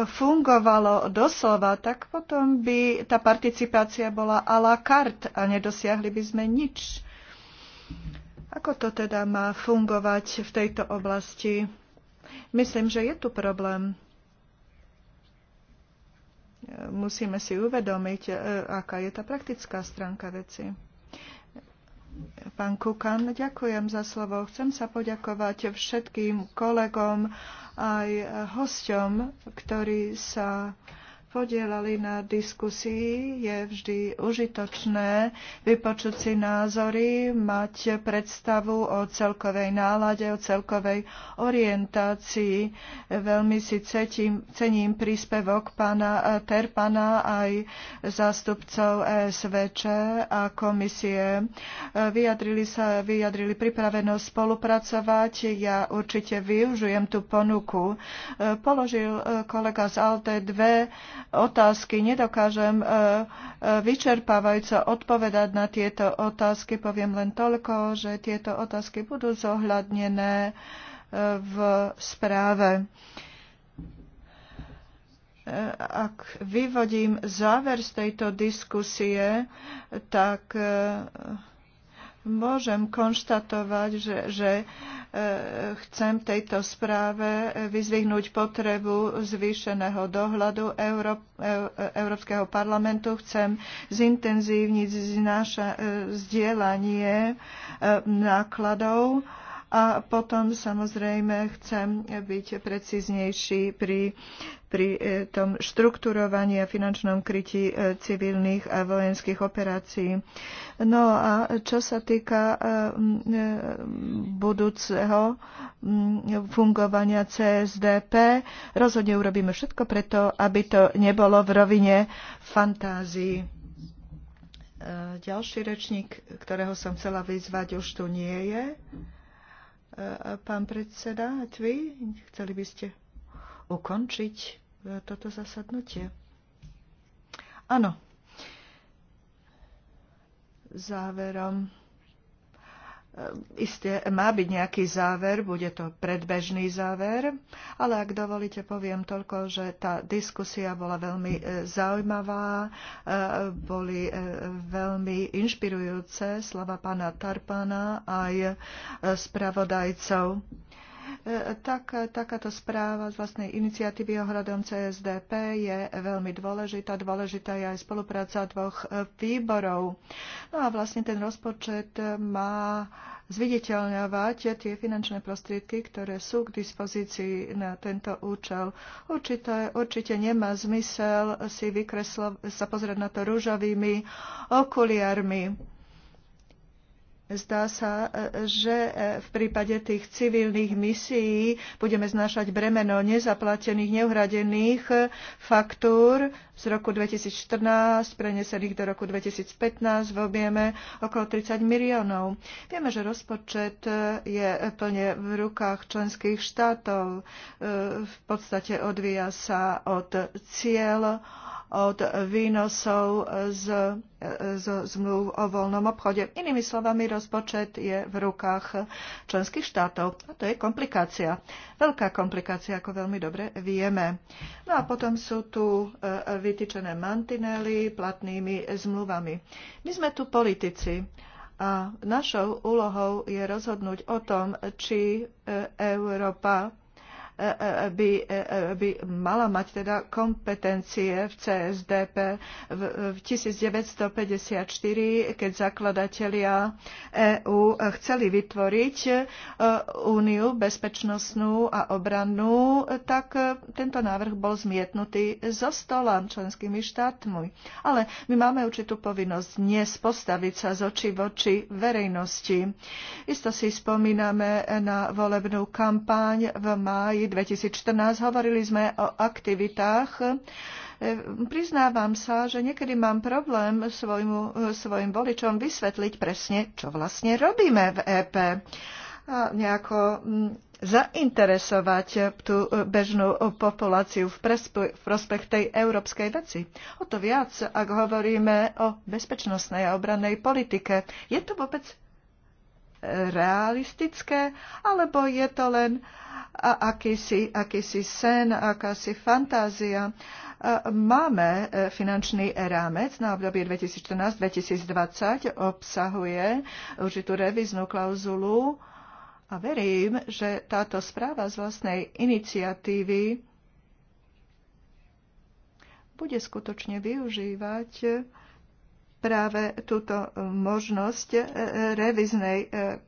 S1: fungovalo doslova, tak potom by tá participácia bola à la carte a nedosiahli by sme nič. Ako to teda má fungovať v tejto oblasti? Myslím, že je tu problém musíme si uvedomiť, e, aká je tá praktická stránka veci. Pán Kukan, ďakujem za slovo. Chcem sa poďakovať všetkým kolegom aj hosťom, ktorí sa uh, podielali na diskusii. Je vždy užitočné vypočuť si názory, mať predstavu o celkovej nálade, o celkovej orientácii. Veľmi si cetím, cením príspevok pána Terpana aj zástupcov e SVČ a komisie. Vyjadrili sa, vyjadrili pripravenosť spolupracovať. Ja určite využijem tú ponuku. Položil kolega z ALTE dve otázky. Nedokážem e, e, vyčerpávajúco odpovedať na tieto otázky. Poviem len toľko, že tieto otázky budú zohľadnené e, v správe ak vyvodím záver z tejto diskusie, tak môžem konštatovať, že, že e, chcem tejto správe vyzvihnúť potrebu zvýšeného dohľadu Euró- e, Európskeho parlamentu. Chcem zintenzívniť e, zdieľanie nákladov a potom samozrejme chcem byť precíznejší pri, pri e, tom štrukturovaní a finančnom krytí e, civilných a vojenských operácií. No a čo sa týka e, budúceho fungovania CSDP, rozhodne urobíme všetko preto, aby to nebolo v rovine fantázií ďalší rečník, ktorého som chcela vyzvať, už tu nie je. Pán predseda, vy chceli by ste ukončiť e, toto zasadnutie? Áno. Záverom E, isté, má byť nejaký záver, bude to predbežný záver, ale ak dovolíte, poviem toľko, že tá diskusia bola veľmi e, zaujímavá, e, boli veľmi inšpirujúce slova pána Tarpana aj spravodajcov tak, takáto správa z vlastnej iniciatívy ohľadom CSDP je veľmi dôležitá. Dôležitá je aj spolupráca dvoch výborov. No a vlastne ten rozpočet má zviditeľňovať tie finančné prostriedky, ktoré sú k dispozícii na tento účel. Určite, určite nemá zmysel si vykreslo, sa pozrieť na to rúžovými okuliarmi Zdá sa, e, že e, v prípade tých civilných misií budeme znášať bremeno nezaplatených, neuhradených e, faktúr z roku 2014, prenesených do roku 2015 v objeme okolo 30 miliónov. Vieme, že rozpočet je plne v rukách členských štátov. V podstate odvíja sa od cieľ od výnosov z, z zmluv o voľnom obchode. Inými slovami, rozpočet je v rukách členských štátov. A to je komplikácia. Veľká komplikácia, ako veľmi dobre vieme. No a potom sú tu e, vytýčené mantinely platnými zmluvami. My sme tu politici. A našou úlohou je rozhodnúť o tom, či e, Európa by, by mala mať teda kompetencie v CSDP v 1954, keď zakladatelia EÚ chceli vytvoriť e, úniu bezpečnostnú a obrannú, tak tento návrh bol zmietnutý zo stola členskými štátmi. Ale my máme určitú povinnosť dnes postaviť sa z v oči verejnosti. Isto si spomíname na volebnú kampaň v máji 2014 hovorili sme o aktivitách. E, priznávam sa, že niekedy mám problém svojmu, e, svojim voličom vysvetliť presne, čo vlastne robíme v EP. A nejako zainteresovať tú bežnú populáciu v, prospech tej európskej veci. O to viac, ak hovoríme o bezpečnostnej a obrannej politike. Je to vôbec e, realistické, alebo je to len uh, a akýsi, akýsi sen, akási fantázia. E, máme e, finančný rámec na obdobie 2014-2020, obsahuje určitú reviznú klauzulu a verím, že táto správa z vlastnej iniciatívy bude skutočne využívať práve túto e, možnosť e, e, reviznej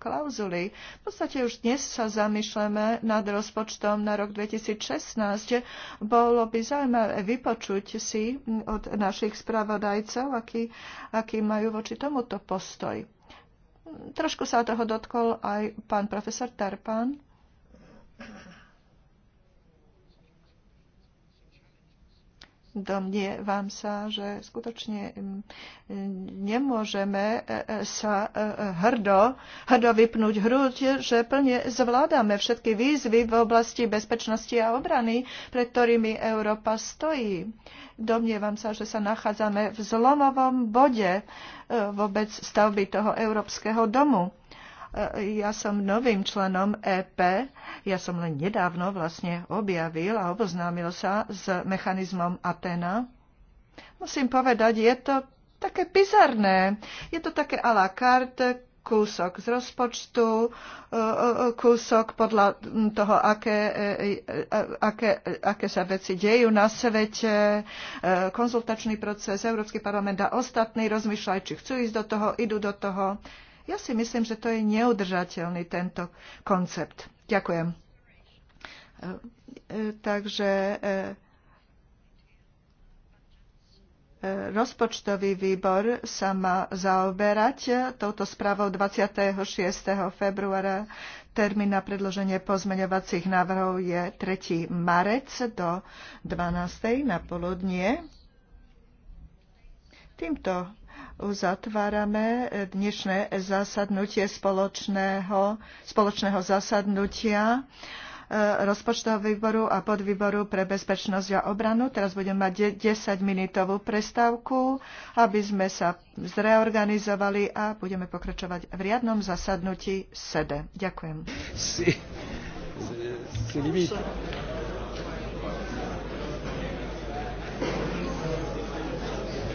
S1: klauzuly. V podstate už dnes sa zamýšľame nad rozpočtom na rok 2016. Bolo by zaujímavé vypočuť si od našich spravodajcov, aký, aký majú voči tomuto postoj. Trošku sa toho dotkol aj pán profesor Tarpan. Domnievam sa, že skutočne mm, nemôžeme e, e, sa e, hrdo, hrdo vypnúť hruď, že plne zvládame všetky výzvy v oblasti bezpečnosti a obrany, pred ktorými Európa stojí. Domnievam sa, že sa nachádzame v zlomovom bode vôbec stavby toho Európskeho domu E, ja som novým členom EP, ja som len nedávno vlastne objavil a oboznámil sa s mechanizmom Atena. Musím povedať, je to také bizarné. Je to také à la carte, kúsok z rozpočtu, e, e, kúsok podľa toho, aké, aké, aké sa veci dejú na svete, konzultačný proces, Európsky parlament a ostatní rozmýšľajú, či chcú ísť do toho, idú do toho. Ja si myslím, že to je neudržateľný tento koncept. Ďakujem. E, e, takže e, rozpočtový výbor sa má zaoberať touto správou 26. februára. Termín na predloženie pozmeňovacích návrhov je 3. marec do 12. na poludnie. Týmto uzatvárame dnešné zasadnutie spoločného, spoločného zasadnutia rozpočtového výboru a podvýboru pre bezpečnosť a obranu. Teraz budeme mať 10-minútovú prestávku, aby sme sa zreorganizovali a budeme pokračovať v riadnom zasadnutí SEDE. Ďakujem.
S3: Si,
S4: si, si